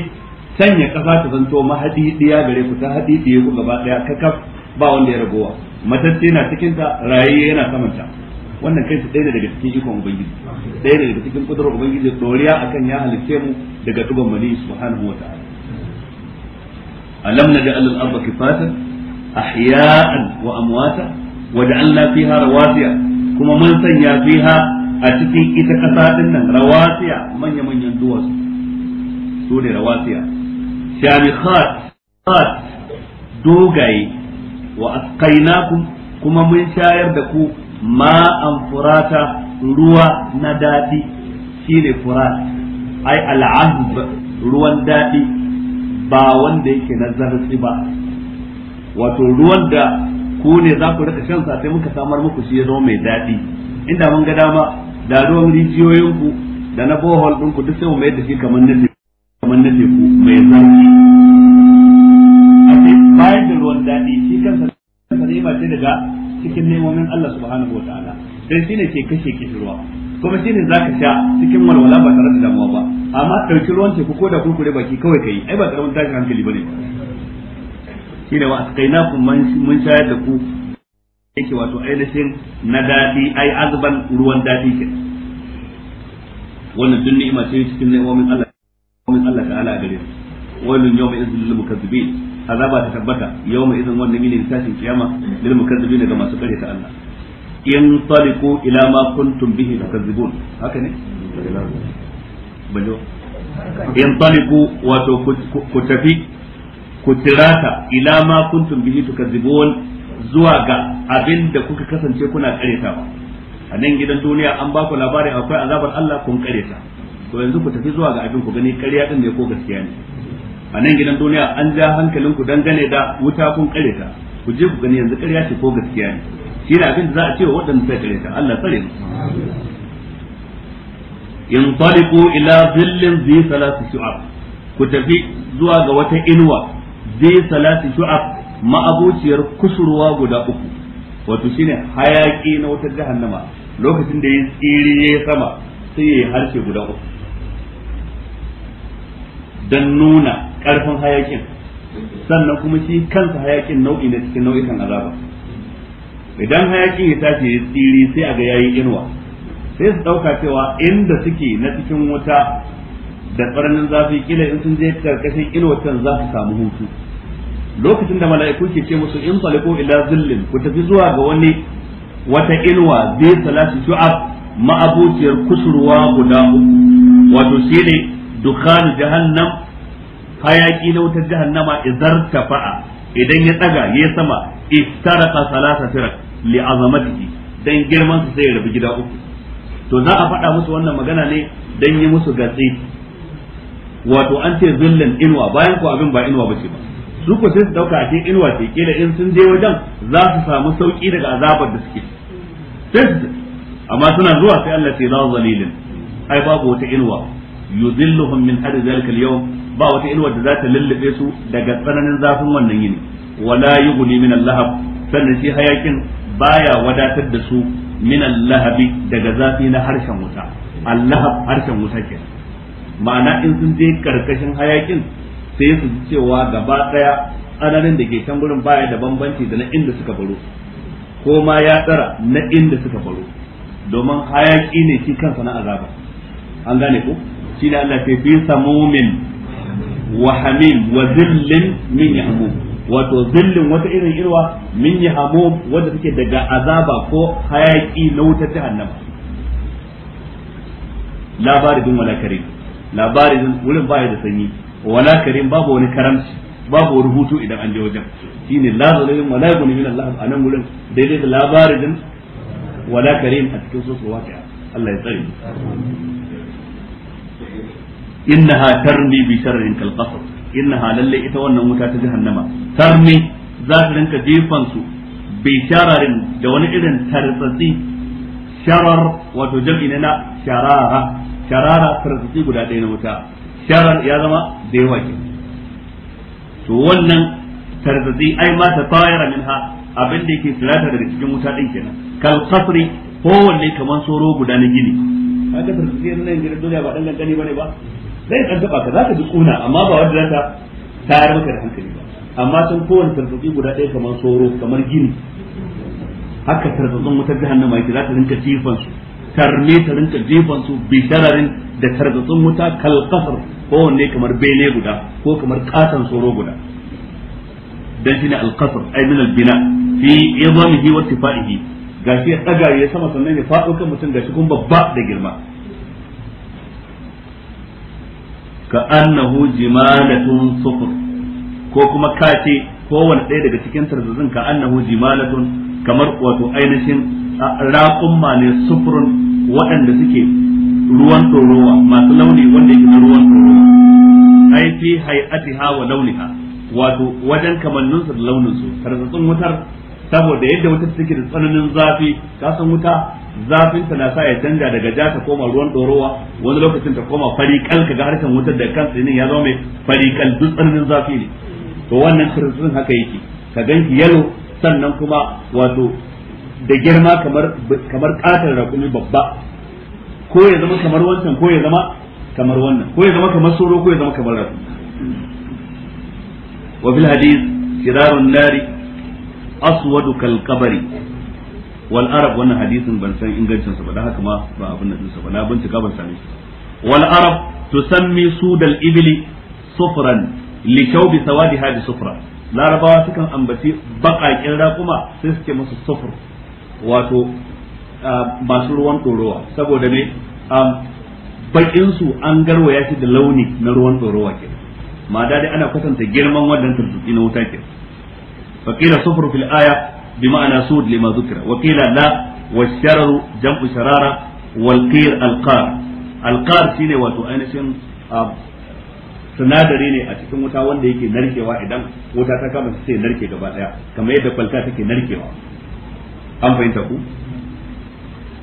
sanya kasa ta zanto mahadi diya gare ku ta hadi diye ku gaba daya kakaf ba wanda ya ragowa matacce na cikin ta raye yana samanta wannan kai ɗaya daga cikin ikon ubangiji ɗaya daga cikin kudurar ubangiji doriya akan ya halice mu daga tuban mali subhanahu wa ta'ala alam naj'al al-ardha kifatan ahya'an wa amwata waja'alna fiha rawasiya kuma mun sanya fiha a cikin ita kasa din nan rawasiya manya manyan duwatsu su ne rawasiya jami'at dogaye wa asqainakum kuma mun shayar da ku ma an furata ruwa na daɗi shine furat ai al'ahd ruwan daɗi ba wanda yake na zarfi ba wato ruwan da ku ne za ku rika shan sa sai muka samar muku shi ya zama mai daɗi inda mun ga dama da ruwan rijiyoyinku da na bohol dinku duk sai mu mai da shi kamar na teku mai zarfi cikin nemomin Allah subhanahu wa dan shine ke kashe kishirwa kuma shine zaka sha cikin walwala ba tare da damuwa ba amma dauki ruwan teku ko da kurkure baki kawai kai ai ba karamin tashin hankali bane shine wa asqainakum mun shayar da ku yake wato ainihin na dadi ai azban ruwan dadi ke wannan dun ni'ima ce cikin nemomin Allah nemomin Allah ta'ala gare su wailun yawma idhil mukazzibin azaba ta tabbata yawma idan wannan mini tashin kiyama lil mukazzibina ga masu kare ta Allah in taliku ila ma kuntum bihi tukazzibun haka ne bajo in wato ku tafi ku tirata ila ma kuntum bihi tukazzibun zuwa ga abin da kuka kasance kuna ba a nan gidan duniya an ba ku labarin akwai azabar Allah kun kareta to yanzu ku tafi zuwa ga abin ku gani karya din ne ko gaskiya ne a nan gidan duniya an ja hankalin ku dangane da wuta kun kare ta ku je ku gani yanzu ƙarya ce ko gaskiya ne shi ne abin da za a ce wa waɗanda suka kare ta Allah tsare mu in taliqu ila zillin zi salati shu'ab ku tafi zuwa ga wata inuwa zi salati shu'ab ma'abuciyar kusurwa guda uku wato shine hayaki na wata jahannama lokacin da ya tsiri ya sama sai ya harshe guda uku dan nuna karfin hayakin sannan kuma shi kansa hayakin nau'i na cikin nau'ikan azaba idan hayakin ya tashi ya tsiri sai a ga yayi inuwa sai su dauka cewa inda suke na cikin wuta da tsaranin zafi kila in sun je karkashin inuwatan za su samu hutu lokacin da mala'iku ke ce musu in ko ila zillin ku tafi zuwa ga wani wata inuwa zai salatu shu'ab ma'abuciyar kusurwa guda uku wato shi ne dukkan jahannam hayaki na wutar jahannama idan tafa'a idan ya tsaga ya sama ta salasa firak li azamatihi dan girman su sai ya rabu gida uku to za a faɗa musu wannan magana ne dan yi musu gatsi wato an ce zullan inwa bayan ku abin ba inuwa bace ba su ku sai su dauka a cikin inuwa ce kila in sun je wajen za su samu sauki daga azabar da suke amma suna zuwa sai Allah ce la zalilin ai babu wata inuwa yuzilluhum min hadi zalika yawm ba wata inuwar da za ta lullube su daga tsananin zafin wannan yini wala yughni min al-lahab sannan shi hayakin baya wadatar da su min al-lahabi daga zafi na harshen wuta al-lahab harshen wuta ke. ma'ana in sun je karkashin hayakin sai su ji cewa gaba daya tsananin da ke can gurin baya da bambanci da na inda suka baro ko ma ya tsara na inda suka baro domin hayaki ne shi kansa na azaba an gane ko shi ne Allah ke fi samumin wa hamim wa zillin min wato zillin wata irin irwa min hamo wanda take daga azaba ko hayaki na wutar jahannama labarin wala karim labarin wurin baya da sanyi wala karim babu wani karamci babu wani hutu idan an je wajen shine la zalimin wala yughni min Allah a nan wurin daidai da labarin wala karim a cikin sosu waqi'a Allah ya tsare innaha tarmi bi sharrin kal qasr innaha lalle ita wannan wuta ta jahannama tarmi za ta rinka jefan su bi shararin da wani irin tarsasi sharar wato jam'i na sharara sharara tarsasi guda ɗaya na wuta sharar ya zama da yawa ke to wannan tarsasi ai ma ta tayara minha abin da yake tsirata daga cikin wuta din kenan kal qasri kowanne kamar soro guda na gini tarsasi tartsatsi nan gidan duniya ba dan gani bane ba dan an taba ka za ka ji kuna amma ba wanda za ta tayar maka da hankali ba amma tun kowanne tarzuki guda ɗaya kamar tsoro kamar gini haka tarzutsun wutar jahannama yake ta rinka jifan su tarne ta rinka jifan su bi da tarzutsun wuta kal kasar kowanne kamar bene guda ko kamar katon tsoro guda dan shine al kasar ay min al bina fi idamihi wa tifaihi gashi ya daga ya sama sannan ya faɗo kan mutum gashi kun babba da girma ka annahu jimalatun sufur ko kuma ka ce kowane ɗaya daga cikin tarzazin ka annahu jimalatun kamar wato ainihin raƙumma ne sufurun waɗanda suke ruwan ɗorowa masu launi wanda yake ruwan ɗorowa ai fi hawa launi ha. wato wajen kamanninsu da launinsu tarzatsin wutar saboda yadda wata take da tsananin zafi ka san wuta zafin ta na sa ya canja daga ja ta koma ruwan dorowa wani lokacin ta koma fari kal ga harkan wutar da kansa ne ya zama mai fari kal duk tsananin zafi ne to wannan kirkirin haka yake ka ganki yalo sannan kuma wato da girma kamar kamar katar rakumi babba ko ya zama kamar wancan ko ya zama kamar wannan ko ya zama kamar soro ko ya zama kamar rakumi wa bil hadith shirarun nari aswadu kal qabri wal arab wannan hadisin ban san ingancin sa ba dan haka ma ba abin nan sa ba na bincika ban same shi wal arab tusammi sudal ibli sufran li kawbi sawadi hadi sufra larabawa sukan ambaci baƙaƙen raƙuma sai suke musu sufur wato masu ruwan ɗorowa saboda ne bakin su an garwaya shi da launi na ruwan ɗorowa ke ma dai ana kwatanta girman wannan tarzuki na wuta kenan فقيل صفر في الآية بمعنى سود لما ذكر وقيل لا والشرر جمع شرارة والقير القار القار شيني واتو أنسن sinadari ne a cikin wuta wanda yake narkewa idan wuta ta kama sai narke gaba daya kamar yadda kwalta take narkewa an fahimta ku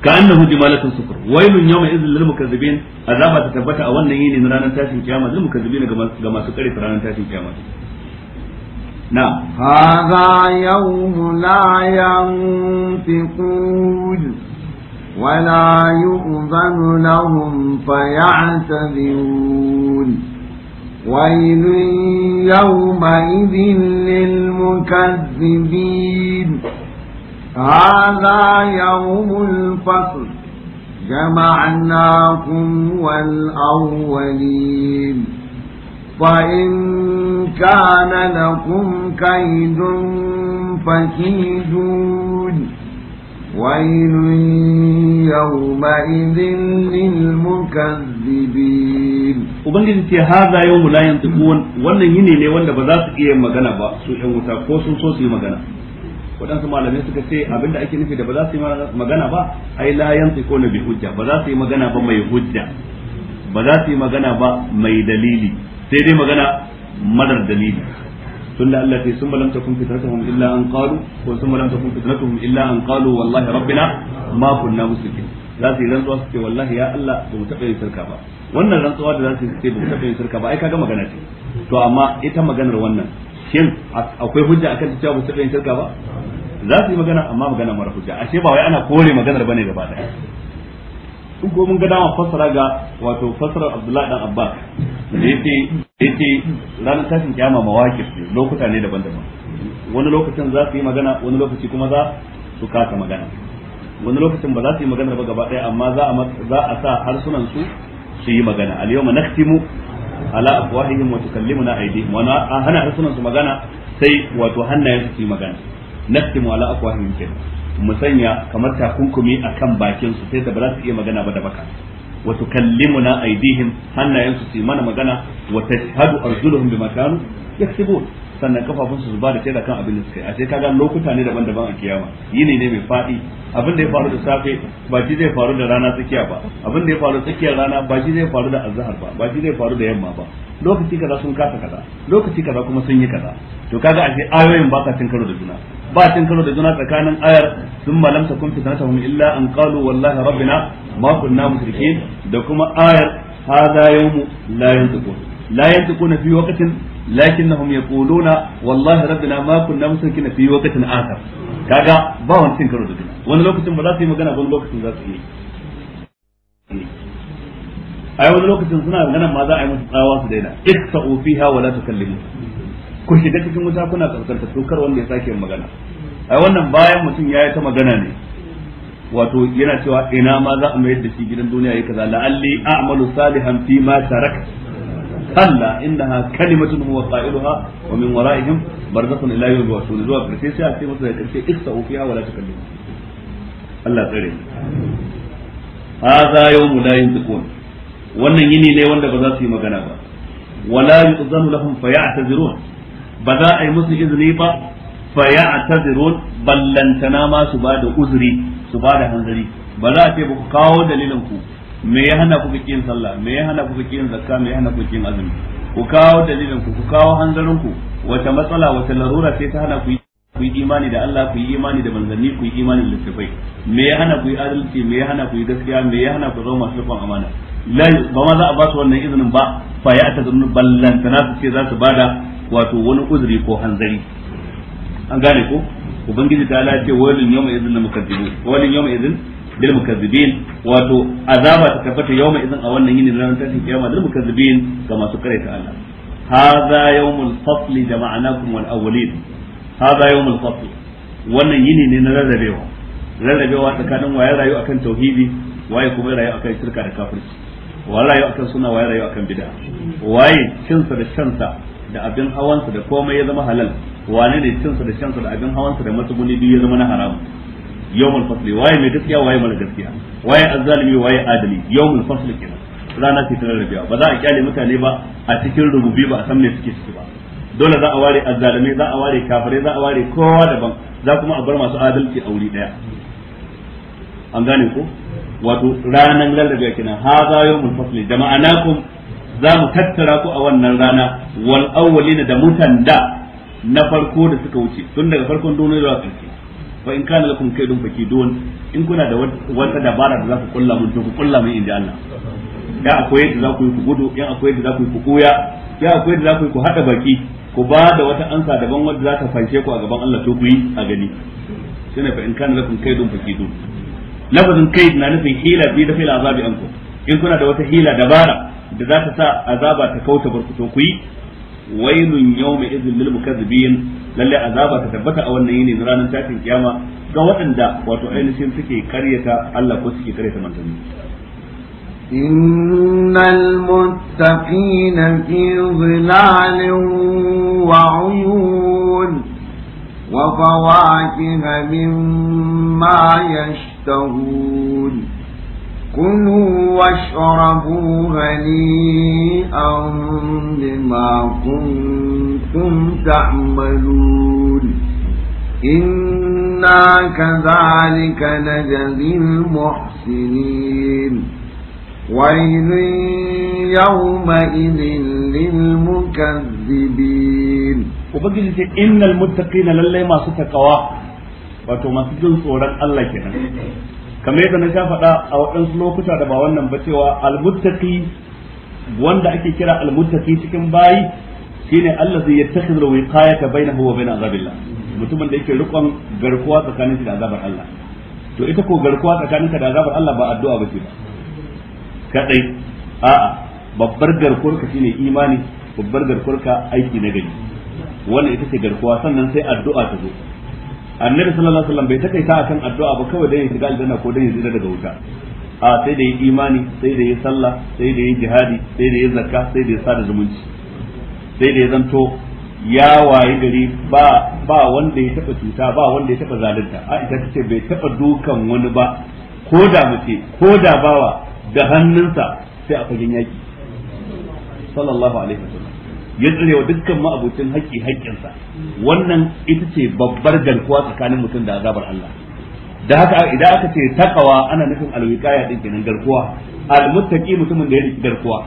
ka annahu jimalatun sukur wailun yawma idhil lil mukazzibin azaba ta tabbata a wannan yini na ranar tashin kiyama lil mukazzibin ga masu kare ranar tashin kiyama نعم هذا يوم لا ينفقون ولا يؤذن لهم فيعتذرون ويل يومئذ للمكذبين هذا يوم الفصل جمعناكم والأولين فإن كان لكم كيد فكيدون ويل يومئذ للمكذبين ubangiji ce haza yau mulayan tukuwan wannan yini ne wanda ba za su iya magana ba su yan wuta ko sun so su yi magana waɗansu malamai suka ce abinda ake nufi da ba za su yi magana ba ai la ko na bi hujja ba za su yi magana ba mai hujja ba za su yi magana ba mai dalili sai dai magana marar dalili tunda Allah sai sun illa an qalu sun illa an qalu wallahi rabbina ma kunna za su yi rantsuwa su ce wallahi ya Allah ba mu taɓa yin shirka ba wannan rantsuwa da za su ce ba mu taɓa yin shirka ba ai kaga magana ce to amma ita maganar wannan shin akwai hujja akan ta cewa ba mu taɓa yin shirka ba za su yi magana amma magana mara hujja ashe ba wai ana kore maganar bane gaba daya duk mun ga dama fassara ga wato fassarar Abdullahi dan Abbas da yace ranar tashin kama mawaqif ne lokuta ne daban-daban wani lokacin za su yi magana wani lokaci kuma za su kasa magana wani lokacin ba za su yi magana ba gaba daya amma za a za a sa harsunan su su yi magana al yawma naktimu ala afwahihim wa tukallimuna aydihim wa hana harsunan su magana sai wato hannayen su yi magana naktimu ala afwahihim kenan mu sanya kamar takunkumi akan bakin su sai da ba za su iya magana ba da baka Watu wa tukallimuna aydihim hannayen su mana magana wa tashhadu arjuluhum bima kanu sannan kafafunsu su ba da shaida kan abin da suka yi a sai kaga lokuta ne daban-daban a kiyama yini ne mai faɗi abin da ya faru da safe ba shi zai faru da rana tsakiya ba abin da ya faru tsakiyar rana ba shi zai faru da azhar ba ba shi zai faru da yamma ba lokaci kaza sun kasa kaza lokaci kaza kuma sun yi kaza to kaga ashe ayoyin ba ka cin karo da juna ba cin karo da juna tsakanin ayar sun malamta kun fitanatahum illa an qalu wallahi rabbina ma kunna mushrikin da kuma ayar hadha yawmu la yantiqun la na fi waqtin lakinnahum yaquluna wallahi rabbina ma kunna musrikin fi waqtin akhar kaga ba wani cin karo da juna wani lokacin ba za su yi magana wani lokacin za su yi ai wani lokacin suna magana ma za a yi musu tsawa su daina iksa'u fiha wa la tukallimu ku shiga cikin wuta kuna tsarkanta tokar wanda ya sake magana ai wannan bayan mutum ya yi ta magana ne wato yana cewa ina ma za a mayar da shi gidan duniya yi kaza la'alli a'malu salihan fi ma taraktu كلا إنها كلمة هو قائلها ومن ورائهم برزخ لا يبعثون زوا كرسيسة أتي مصر اكسأوا فيها ولا تكلموا الله خير هذا يوم لا ينطقون wannan yini ne wanda ba za su yi magana ba wala yu'zanu lahum faya'tazirun ba za a yi musu izini ba faya'tazirun ballantana ma su ba da uzuri su bada hanzari ba za a ce ba ku kawo dalilin ku me ya hana ku kin sallah me ya hana ku kin zakka me ya hana ku kin azumi ku kawo dalilin ku ku kawo hanzarin ku wata matsala wata larura sai ta hana ku ku yi imani da Allah ku yi imani da manzanni ku yi imani da littafai me ya hana ku yi adalci me ya hana ku yi gaskiya me ya hana ku zama masu amana amana ba ma za a ba su wannan izinin ba fa ya ta ballan ballantana su ce za su bada wato wani uzuri ko hanzari an gane ko ubangiji ta ala ce walin yawma idin na mukaddimu walin yawma idin lil mukazzibin wato azaba ta tabbata yawma idan a wannan yini ranar tashin kiyama lil mukazzibin ga masu karaita Allah hadha yawmul fasl jama'nakum wal awwalin hadha yawmul fasl wannan yini ne na rarrabewa rarrabewa tsakanin waye rayu akan tauhidi waye kuma rayu akan shirka da kafirci waye rayu akan sunna waye rayu akan bid'a waye cinsa da shansa da abin hawansa da komai ya zama halal wane ne cinsa da shansa da abin hawansa da matsuguni biyu ya zama na haramu yawmul fasli waye mai gaskiya waye mara gaskiya waye azzalimi waye adali yawmul fasli kenan rana ce ta rarrabewa ba za a kyale mutane ba a cikin rububi ba a san ciki ba dole za a ware azzalimai za a ware kafirai za a ware kowa daban za kuma a bar masu adalci a wuri daya an gane ko wato ranan rarrabewa kenan hadha yawmul fasli jama'anakum za mu tattara ku a wannan rana wal awwalina da mutan da na farko da suka wuce tun daga farkon duniya fa in kana lakum kaidun fakidun in kuna da wata dabara da za ku kulla mun to ku kulla mun inda Allah ya akwai yadda za ku yi ku gudu ya akwai yadda za ku yi ku koya ya akwai yadda za ku yi ku hada baki ku ba da wata ansa daban wadda za ta fanshe ku a gaban Allah to ku yi a gani shine fa in kana lakum kaidun fakidun lafazin kaid na nufin hila bi da fil azabi anku in kuna da wata hila dabara da za ta sa azaba ta kauta barku to ku yi wailun yawma idhil lil mukazzibin lalle azaba ta tabbata a wannan yini ranar tashin kiyama ga waɗanda wato ainihin suke karyata Allah ko suke karyata manzanni إن المتقين في ظلال وعيون وفواكه مما يشتهون كلوا واشربوا هنيئا بما كنتم تعملون إنا كذلك نجزي المحسنين ويل يومئذ للمكذبين وبجد إن المتقين للي ما سُتَقَوَا وتمسجن صورا الله كنا kamar yadda na sha faɗa a waɗansu lokuta da ba wannan ba cewa almuttaqi wanda ake kira almuttaqi cikin bayi shine Allah allazi yattakhidhu wiqayata bainahu wa bain azabillah mutumin da yake rikon garkuwa tsakanin shi da azabar Allah to ita ko garkuwa tsakaninka da azabar Allah ba addu'a bace ba kadai a'a babbar ka shine imani babbar ka aiki na gari wannan ita ce garkuwa sannan sai addu'a ta zo annabi sallallahu alaihi wasallam bai takaita akan addu'a ba kawai dai ya shiga aljanna ko dai ya tsira daga wuta a sai da yi imani sai da yi sallah sai da yi jihadi sai da yi zakka sai da yi sada zumunci sai da ya zanto ya wayi gari ba ba wanda ya taba cuta ba wanda ya taba zalunta a ita tace bai taba dukan wani ba ko da mace ko da bawa da hannunsa sai a fagen yaki sallallahu alaihi wasallam ya tsire wa dukkan ma'abucin haƙƙi haƙƙinsa wannan ita ce babbar garkuwa tsakanin mutum da azabar Allah da haka idan aka ce takawa ana nufin alwiqaya din kenan garkuwa almuttaqi mutumin da ya riki garkuwa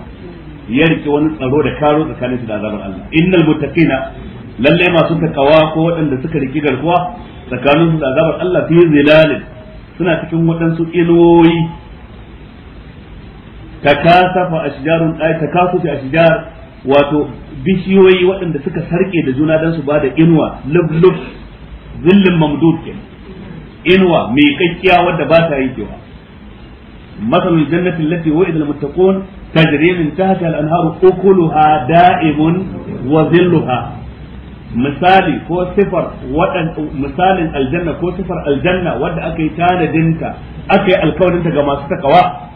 ya riki wani tsaro da karo tsakanin da azabar Allah innal muttaqina lalle masu takawa ko waɗanda suka riki garkuwa tsakanin da azabar Allah fi zilalin suna cikin waɗansu inuwoyi takasafa ashjarun ay takasufi ashjar wato bishiyoyi waɗanda suka sarke da juna don su ba da inuwa lublub zillin mamdud ke inuwa mai kakkiya wadda ba ta yankewa masalul jannatin lati wa'ida lil muttaqun tajri min tahtiha al ukuluha da'imun wa zilluha misali ko sifar wadan misalin aljanna ko sifar aljanna wadda aka yi tanadinta aka yi alkawarinta ga masu takawa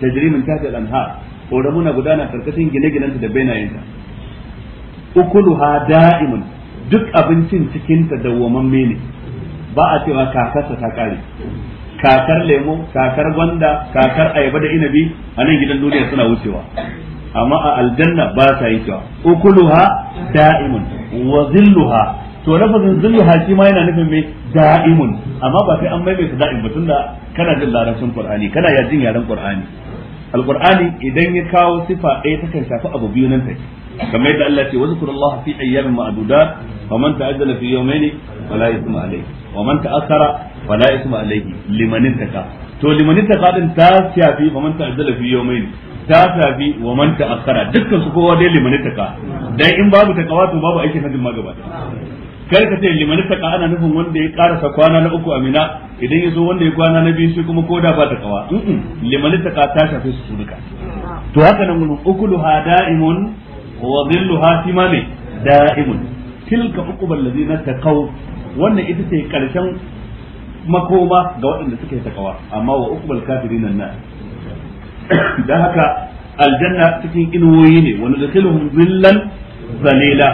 tajri min tahtiha al koramu na gudana karkashin gine-ginenta da ukulu ukuluha da'imun duk abincin cikinta dawwamamme ne ba a cewa kakarsa ta kare kakar lemo kakar gwanda kakar ayaba da inabi a nan gidan duniya suna wucewa amma a aljanna ba sa yi cewa ukuluha da'imun wa zilluha to lafazin zilluha shi ma yana nufin mai da'imun amma ba sai an maimaita da'im ba tunda kana jin larabcin qur'ani kana yajin jin yaren qur'ani alqur'ani idan ya kawo sifa ɗaya ta kan shafi abu biyu nan take kamar yadda Allah ce wazkur Allah fi ayyamin ma'dudat faman ta'addala fi yawmayni fala isma alayhi waman ta'akhara fala isma alayhi liman ittaka to liman ittaka din ta shafi faman ta'addala fi ta shafi wa man ta'akhara dukkan su kowa dai liman ittaka dan in babu takawa to babu aikin hajjin ma gaba kar ka ce liman taqa ana nufin wanda ya karasa kwana na uku amina idan ya zo wanda ya kwana na biyu shi kuma koda ba ta kawa liman taqa ta shafe su sunuka. to haka nan gurin ukuluha da'imun wa dhilluha timame da'imun tilka uqubal ladina taqaw wannan ita ce karshen makoma ga waɗanda suka yi takawa amma wa uqbal kafirin nan dan haka aljanna cikin inuwoyi ne wani da zillan zalila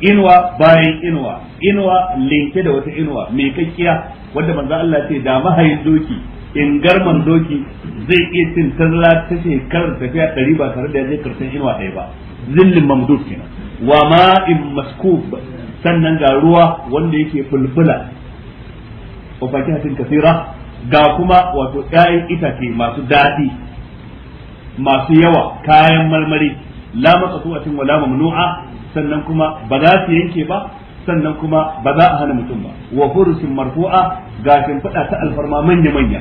inuwa bayan inuwa inuwa linke da wata inuwa mai kakkiya wanda manzo Allah ce da mahayin doki in garman doki zai iya cin tazara ta shekarar tafiya ɗari ba tare da ya je karshen inuwa ɗaya ba zillin mamdud kenan wa ma'in maskub sannan ga ruwa wanda yake fulfula wa fakihatin kasira ga kuma wato ƴaƴan itace masu daɗi masu yawa kayan marmari la matsatu'atin cin wala mamnu'a sannan kuma ba za su yanke ba sannan kuma ba za a hana mutum ba wa furusin marfu'a ga fada ta alfarma manya manya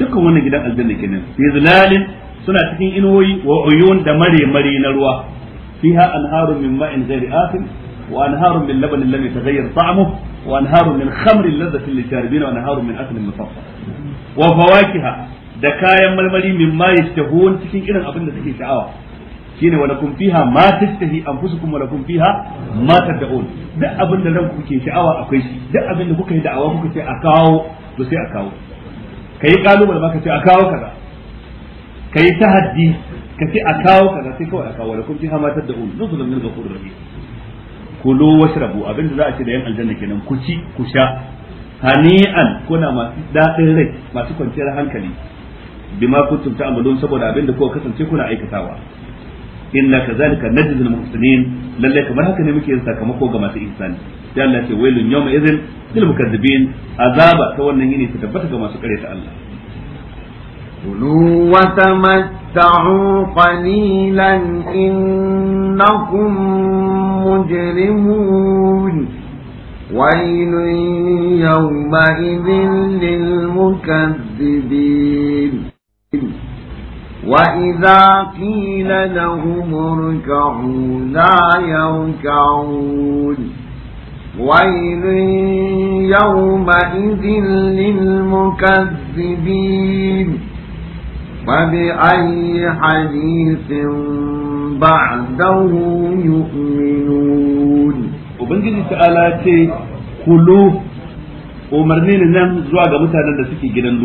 dukkan wannan gidan aljanna kenan fi zilalin suna cikin inuwoyi wa uyun da mare mare na ruwa fiha anharun min ma'in ghairi asin wa anharun min labanin lam yataghayyar ta'amuhu wa anharun min khamrin ladhatin lisharibin wa anharun min aslin musaffar wa fawakiha da kayan marmari min ma yashtahun cikin irin abin da suke sha'awa shine wa lakum fiha ma tashtahi anfusukum wa lakum fiha ma tad'un duk abin da ranku kuke sha'awa akwai shi duk abin da kuka yi da'awa kuka ce a kawo to sai a kawo kai kalubal ma ka ce a kawo kaza kai tahaddi ka ce a kawo kaza sai kawai a kawo lakum fiha ma tad'un nuzulun min ghafurur rahim kulu washrabu abin da za a ce da yan aljanna kenan ku ci ku sha hani'an kuna masu dadin rai masu kwanciyar hankali bima kuntum ta'malun saboda abin da kuka kasance kuna aikatawa inna kazalika najzil muhsinin lallai kamar haka ne muke yin sakamako ga masu ihsani sai Allah ce wailun yawma idhin lil mukazzibin azaba ta wannan yini ta tabbata ga masu kare ta Allah كلوا وتمتعوا قليلا إنكم مجرمون ويل يومئذ للمكذبين وإذا قيل لهم اركعوا لا يركعون ويل يومئذ للمكذبين فبأي حديث بعده يؤمنون وبنجد تعالى كلوا umarni nan zuwa ga mutanen da suke gidan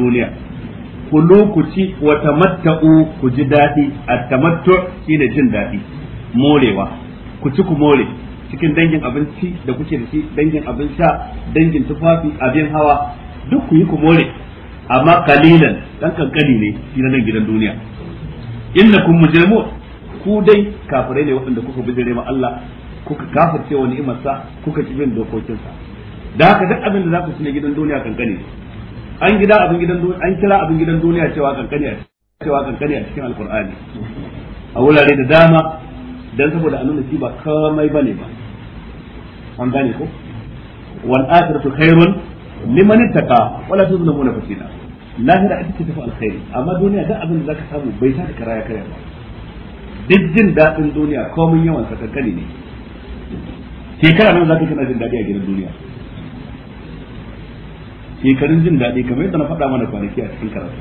kulu ku ci wa tamatta'u ku ji daɗi at-tamattu shine jin daɗi morewa ku ci ku more cikin dangin abinci da kuke da shi dangin abin sha dangin tufafi abin hawa duk ku yi ku more amma kalilan dan kankani ne shi nan gidan duniya innakum mujrimun ku dai kafirai ne waɗanda kuka bijire ma Allah kuka kafirce wa ni'imarsa kuka kibin dokokinsa da haka duk abin da za ku ci na gidan duniya kankani ne an gida abin gidan an kira abin gidan duniya cewa kankani a cewa kankani a cikin alqur'ani a wurare da dama dan saboda annabi shi ba komai bane ba an gane ko wal akhiratu khairun liman ittaqa wala tuzlamuna fatila lahira ita ce tafi alkhairi amma duniya da abin da zaka samu bai sa ka karaya kare ba duk jin daɗin duniya komai yawan sa kankani ne shekara nan zaka kana jin daɗi a gidan duniya shekarun jin daɗi kamar yadda na faɗa mana kwanaki a cikin karatu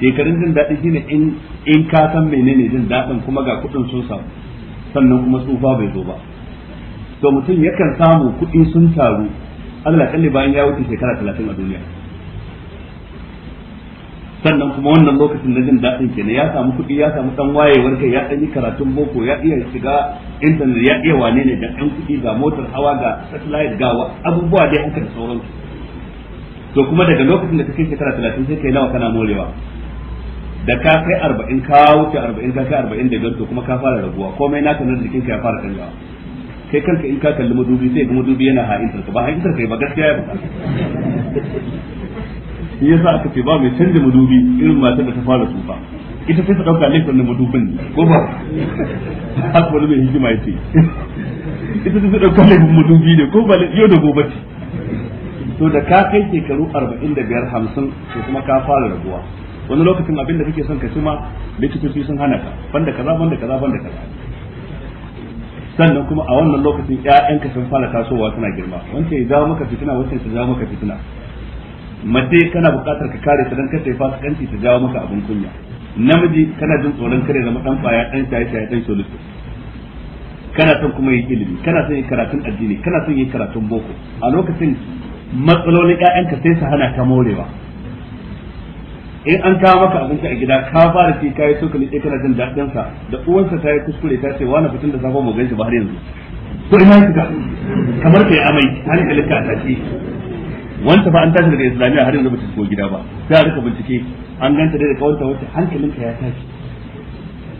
shekarun jin daɗi shine in in ka san menene jin daɗin kuma ga kuɗin sun samu sannan kuma tsufa bai zo ba to mutum yakan samu kuɗi sun taru Allah kalli bayan ya wuce shekara talatin a duniya sannan kuma wannan lokacin na jin daɗin kenan ya samu kuɗi ya samu ɗan wayewar kai ya ɗan yi karatun boko ya iya shiga intanet ya iya wane ne da ɗan kuɗi ga motar hawa ga satellite ga abubuwa dai haka da sauransu to kuma daga lokacin da kake shekara 30 sai kai nawa kana morewa da ka kai 40 ka wuce 40 ka kai 45 to kuma ka fara raguwa komai naka nan jikinka ya fara canjawa kai kanka in ka kalli madubi sai ga madubi yana ha'in ka ba ha'intar kai ba gaskiya ya faɗa shi yasa aka ce ba mai canja madubi irin matar da ta fara tsufa ita sai ta dauka laifin na madubin ko ba haka wani mai hikima ya ce ita sai ta dauka laifin madubi ne ko ba yau da gobe ce to da ka kai shekaru 45 50 to kuma ka fara rabuwa wani lokacin abin da kake son ka cima likitoci sun hana ka banda kaza banda kaza banda kaza sannan kuma a wannan lokacin ƴaƴanka sun fara tasowa suna girma wancan ya jawo maka fitina wancan ta jawo maka fitina mace kana buƙatar ka kare ta dan kar ta yi fasikanci ta jawo maka abin kunya namiji kana jin tsoron kare zama dan baya dan shaye shaye dan solution kana son kuma yi ilimi kana son yi karatun addini kana son yi karatun boko a lokacin matsalolin ƴaƴanka sai su hana ka morewa in an kawo maka abinci a gida ka fara ci kayi so ka nike kana jin daɗin sa da uwansa ta yi kuskure ta ce wani fitin da safa mu gan ba har yanzu ko ina shi ka kamar kai amai hankalin ka a tashi wanda ba an tashi daga islamiyya har yanzu ba ta ko gida ba sai a rika bincike an ganta dai da kawanta wacce hankalinka ya tashi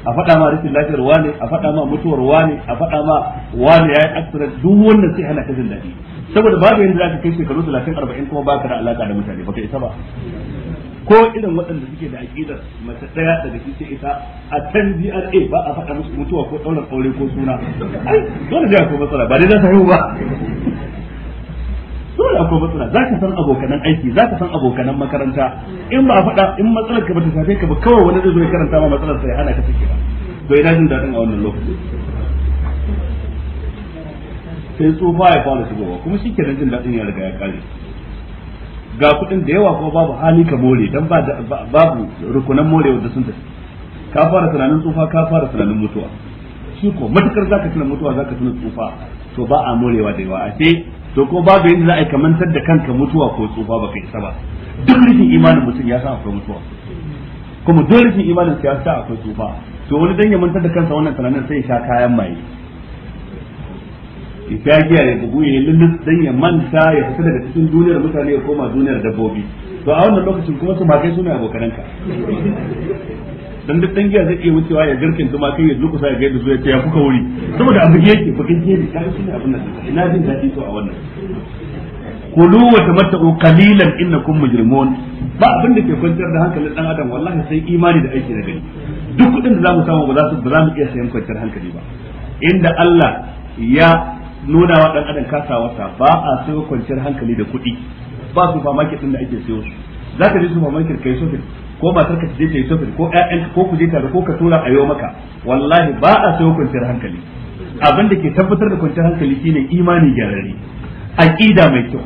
a faɗa ma rashin lafiyar wane a faɗa ma mutuwar wane a faɗa ma wane ya yi aksira duk wannan sai hana ka jin daɗi saboda babu za ka kai shekaru talatin arba'in kuma ba ka da alaka da mutane ba ka isa ba ko irin waɗanda suke da aƙidar mace ɗaya daga cikin ita a can DRA ba a faɗa musu mutuwa ko ɗaurar aure ko suna ai dole sai akwai matsala ba dai za ta yi ba dole akwai matsala za ka san abokanan aiki za ka san abokanan makaranta in ba a faɗa in matsalar ka ba ta shafe ka ba kawai wani zai zo ya karanta ma matsalar sai hana ka take ba to ina jin daɗin a wannan lokacin sai tsufa ya fara shigowa kuma shi kenan jin daɗin ya riga ya kare ga kuɗin da yawa kuma babu hali ka more don babu rukunan more wanda sun tafi ka fara tunanin tsufa ka fara tunanin mutuwa shi ko matukar zaka tuna mutuwa zaka tuna tsufa to ba a morewa da yawa a ce to ko babu yadda za a yi kamantar da kanka mutuwa ko tsufa ba kai ba duk rikin imanin mutum ya san akwai mutuwa kuma duk rikin imanin ya sa akwai tsufa to wani dan ya mantar da kansa wannan tunanin sai ya sha kayan maye ya ne ya bugu ya lullu dan ya manta ya fita daga cikin duniyar mutane ya koma duniyar dabbobi to a wannan lokacin kuma su tumakai suna abokananka dan duk dan giya zai iya wucewa ya garkin kai ya lukusa ya gaida zuwa ya kuka wuri saboda abu yake bakin ke ka kai suna abin nan ina jin daɗi to a wannan kulu wa tamattu qalilan innakum mujrimun ba abin da ke kwantar da hankalin dan adam wallahi sai imani da aiki na gari duk kudin da zamu samu ba za su ba za mu iya sayan kwantar hankali ba inda Allah ya nuna wa dan adam kasawarsa ba a sayo kwanciyar hankali da kuɗi ba su farmakin din da ake sayo su za ka je su farmakin kai sofin ko matar ka je kai sofin ko ƴaƴan ko ku je tare ko ka tura a yau maka wallahi ba a sayo kwanciyar hankali abin da ke tabbatar da kwanciyar hankali shine imani gyararre aqida mai kyau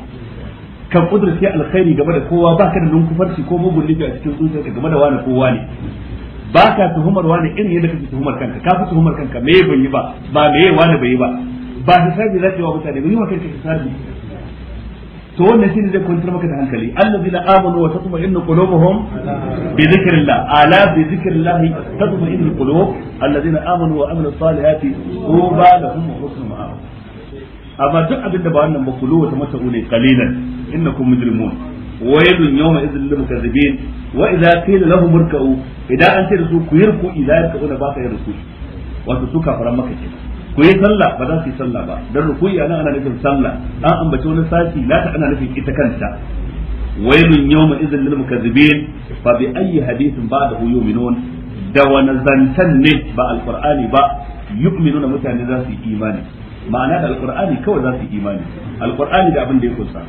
kan kudurce alkhairi game da kowa ka da lunkufarci ko mugun a cikin zuciyarka game da wani kowa ne ba ka tuhumar wani irin yadda kake tuhumar kanka ka fi tuhumar kanka me ban yi ba ba me wani bai yi ba ba hisabi za ta yi wa mutane ba yi wa kanka to wannan shine zai kwantar maka da hankali allazina amanu wa tatma'innu qulubuhum bi dhikrillah ala bi dhikrillah tatma'innu qulub allazina amanu wa salihati tuba lahum amma duk abin da ba wannan ba kulu wa qalilan innakum mujrimun wa yadun yawma idhil lil mukazzibin wa qila lahum irka'u idan an ce da su idza yarka'una ba ka yarku wato maka kenan ku yi sallah ba za su yi sallah ba dan ruku'i anan ana nufin sallah an ambaci wani sashi na ta ana nufin ita kanta wailun yawma idzin lil mukazzibin fa bi ayyi hadithin ba'dahu yu'minun da wani zantan ne ba alqur'ani ba yu'minuna mutane za su yi imani ma'ana da alqur'ani kawai za su yi imani alqur'ani da abin da ya kunsa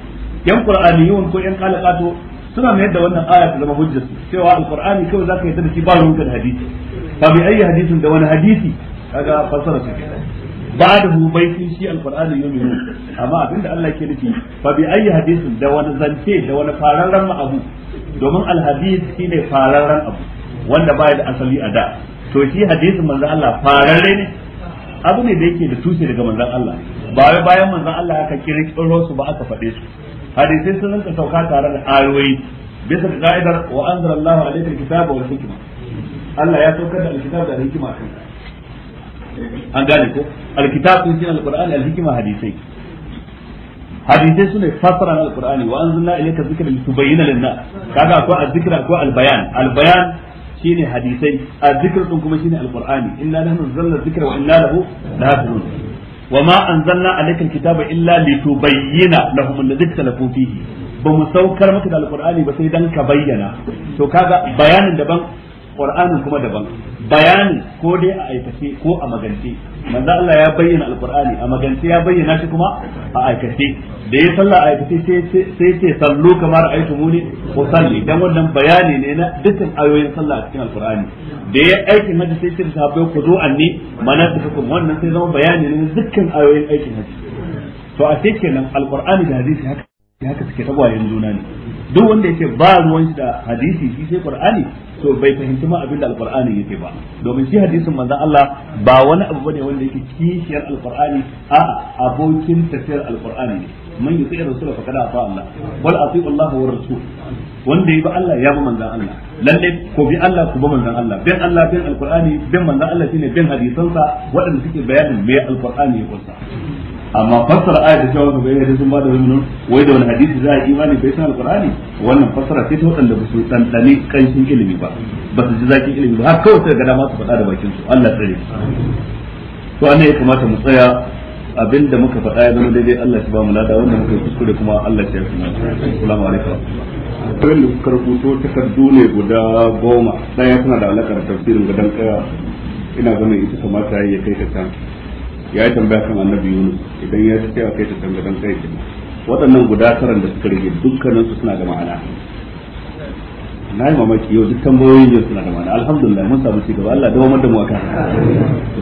yan qur'ani yawan ko yan qalaqato suna mayar da wannan aya ta zama hujjar cewa alqur'ani kawai za ka yi da shi ba ruwan hadisi fa bi ayyi hadithin da wani hadisi kaga fasara su kenan ba'dahu sun shi alqur'ani yu'minu amma abinda Allah ke nufi fa bi ayi hadisin da wani zance da wani fararren abu domin alhadis shine fararren abu wanda baya da asali a da to shi hadisin manzon Allah fararre ne abu ne da yake da tushe daga manzon Allah ba wai bayan manzon Allah aka kirkiro su ba aka faɗe su hadisai sun rinka sauka tare da ayoyi bisa ga ka'idar wa anzala Allahu alayka alkitaba wal hikma Allah ya saukar da alkitab da hikima kai an gane ko alkitab sun shine alqur'ani alhikma hadisai hadisai sune fasara na alqur'ani wa anzalna ilayka dhikra litubayyana lin-nas kaga akwai azzikra akwai albayan albayan shine hadisai azzikr din kuma shine alqur'ani inna nahnu nazzalna dhikra wa inna lahu lahafizun wa ma anzalna alkitaba illa litubayyana lahum alladhi ikhtalafu fihi ba mu saukar maka da alqur'ani ba sai dan ka bayyana to kaga bayanin daban qur'anin kuma daban bayani ko dai a aikace ko a magance manzo Allah ya bayyana alqur'ani a magance ya bayyana shi kuma a aikace da ya sallah a aikace sai ce sallu kamar aitu muni ko salli dan wannan bayani ne na dukkan ayoyin sallah a cikin alqur'ani da ya aikin hajji sai ce sahabbai ku zo anni manasikukum wannan sai zama bayani ne na dukkan ayoyin aikin haji to a cikin nan alqur'ani da hadisi haka haka suke tagwayen juna ne duk wanda yake ba ruwan shi da hadisi shi sai qur'ani to bai fahimci ma abin da alqur'ani yake ba domin shi hadisin manzon Allah ba wani abu bane wanda yake kishiyar alqur'ani a abokin tafsir alqur'ani ne man yuti rasul fa kada fa Allah wal ati Allah wa rasul wanda yi ba Allah ya ba manzon Allah lalle ko bi Allah ku ba manzon Allah bin Allah bin alqur'ani bin manzon Allah shine bin hadisansa waɗanda suke bayanin me alqur'ani ya kunsa amma fassara ayat da cewa bai yadda sun ba da wani wai da wani hadisi za a imani bai san alkurani wannan fassara ce ta wadanda ba su dan dane ilimi ba ba su ji zakin ilimi ba har kawai sai ga dama su faɗa da bakin su Allah tsare to annan ya kamata mu tsaya da muka faɗa ya zama daidai Allah shi ba mu lada wanda muka kuskure kuma Allah shi ya fi mana assalamu alaikum abin da kuka rubuto takardu ne guda goma ɗaya suna da alaƙar tafsirin gadon ɗaya ina ganin ita kamata ya kai ta can ya yi tambaya kan annabi yunus idan ya ci cewa kai ta dan kai ce waɗannan guda taran da suka rage dukkanin su suna da ma'ana na yi mamaki yau duk tambayoyin yau suna da ma'ana alhamdulillah mun samu ci gaba Allah dawo da mu akan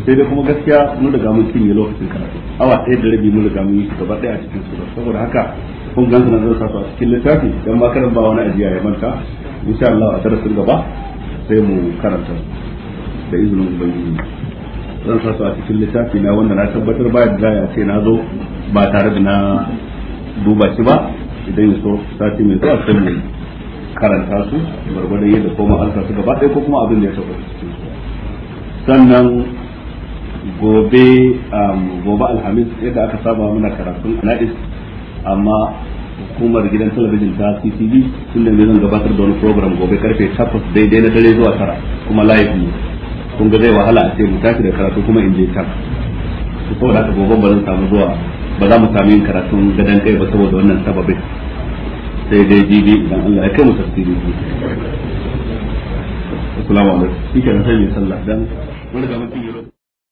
sai dai kuma gaskiya mun riga mun cinye lokacin karatu awa ɗaya da rabi mun riga mun yi gaba ɗaya a cikin su saboda haka kun gansu na zai sasu a cikin littafi dan ma karan ba wani ajiya ya manta insha Allah a darasin gaba sai mu karanta da izinin ubangiji zan sa su a cikin littafi na wanda na tabbatar ba da ya ce na zo ba tare da na duba shi ba idan ya sati mai zuwa sai mu karanta su gwargwadon yadda ko ma alka su gaba ɗaya ko kuma abin da ya taɓa cikin su sannan gobe um, gobe alhamis yadda aka saba muna karatun anadis amma hukumar gidan talabijin ta CCD tun da zan gabatar da wani program gobe karfe 8 daidai na dare zuwa tara kuma live ne kun ga zai wahala a ce mu tashi da karatu kuma in je can su ko da gobe ba zan samu zuwa ba za mu sami yin karatun gadan kai ba saboda wannan sababin sai dai jibi idan Allah ya kai mu tafsiri assalamu alaikum shi ke sai mai sallah dan wani ga mutum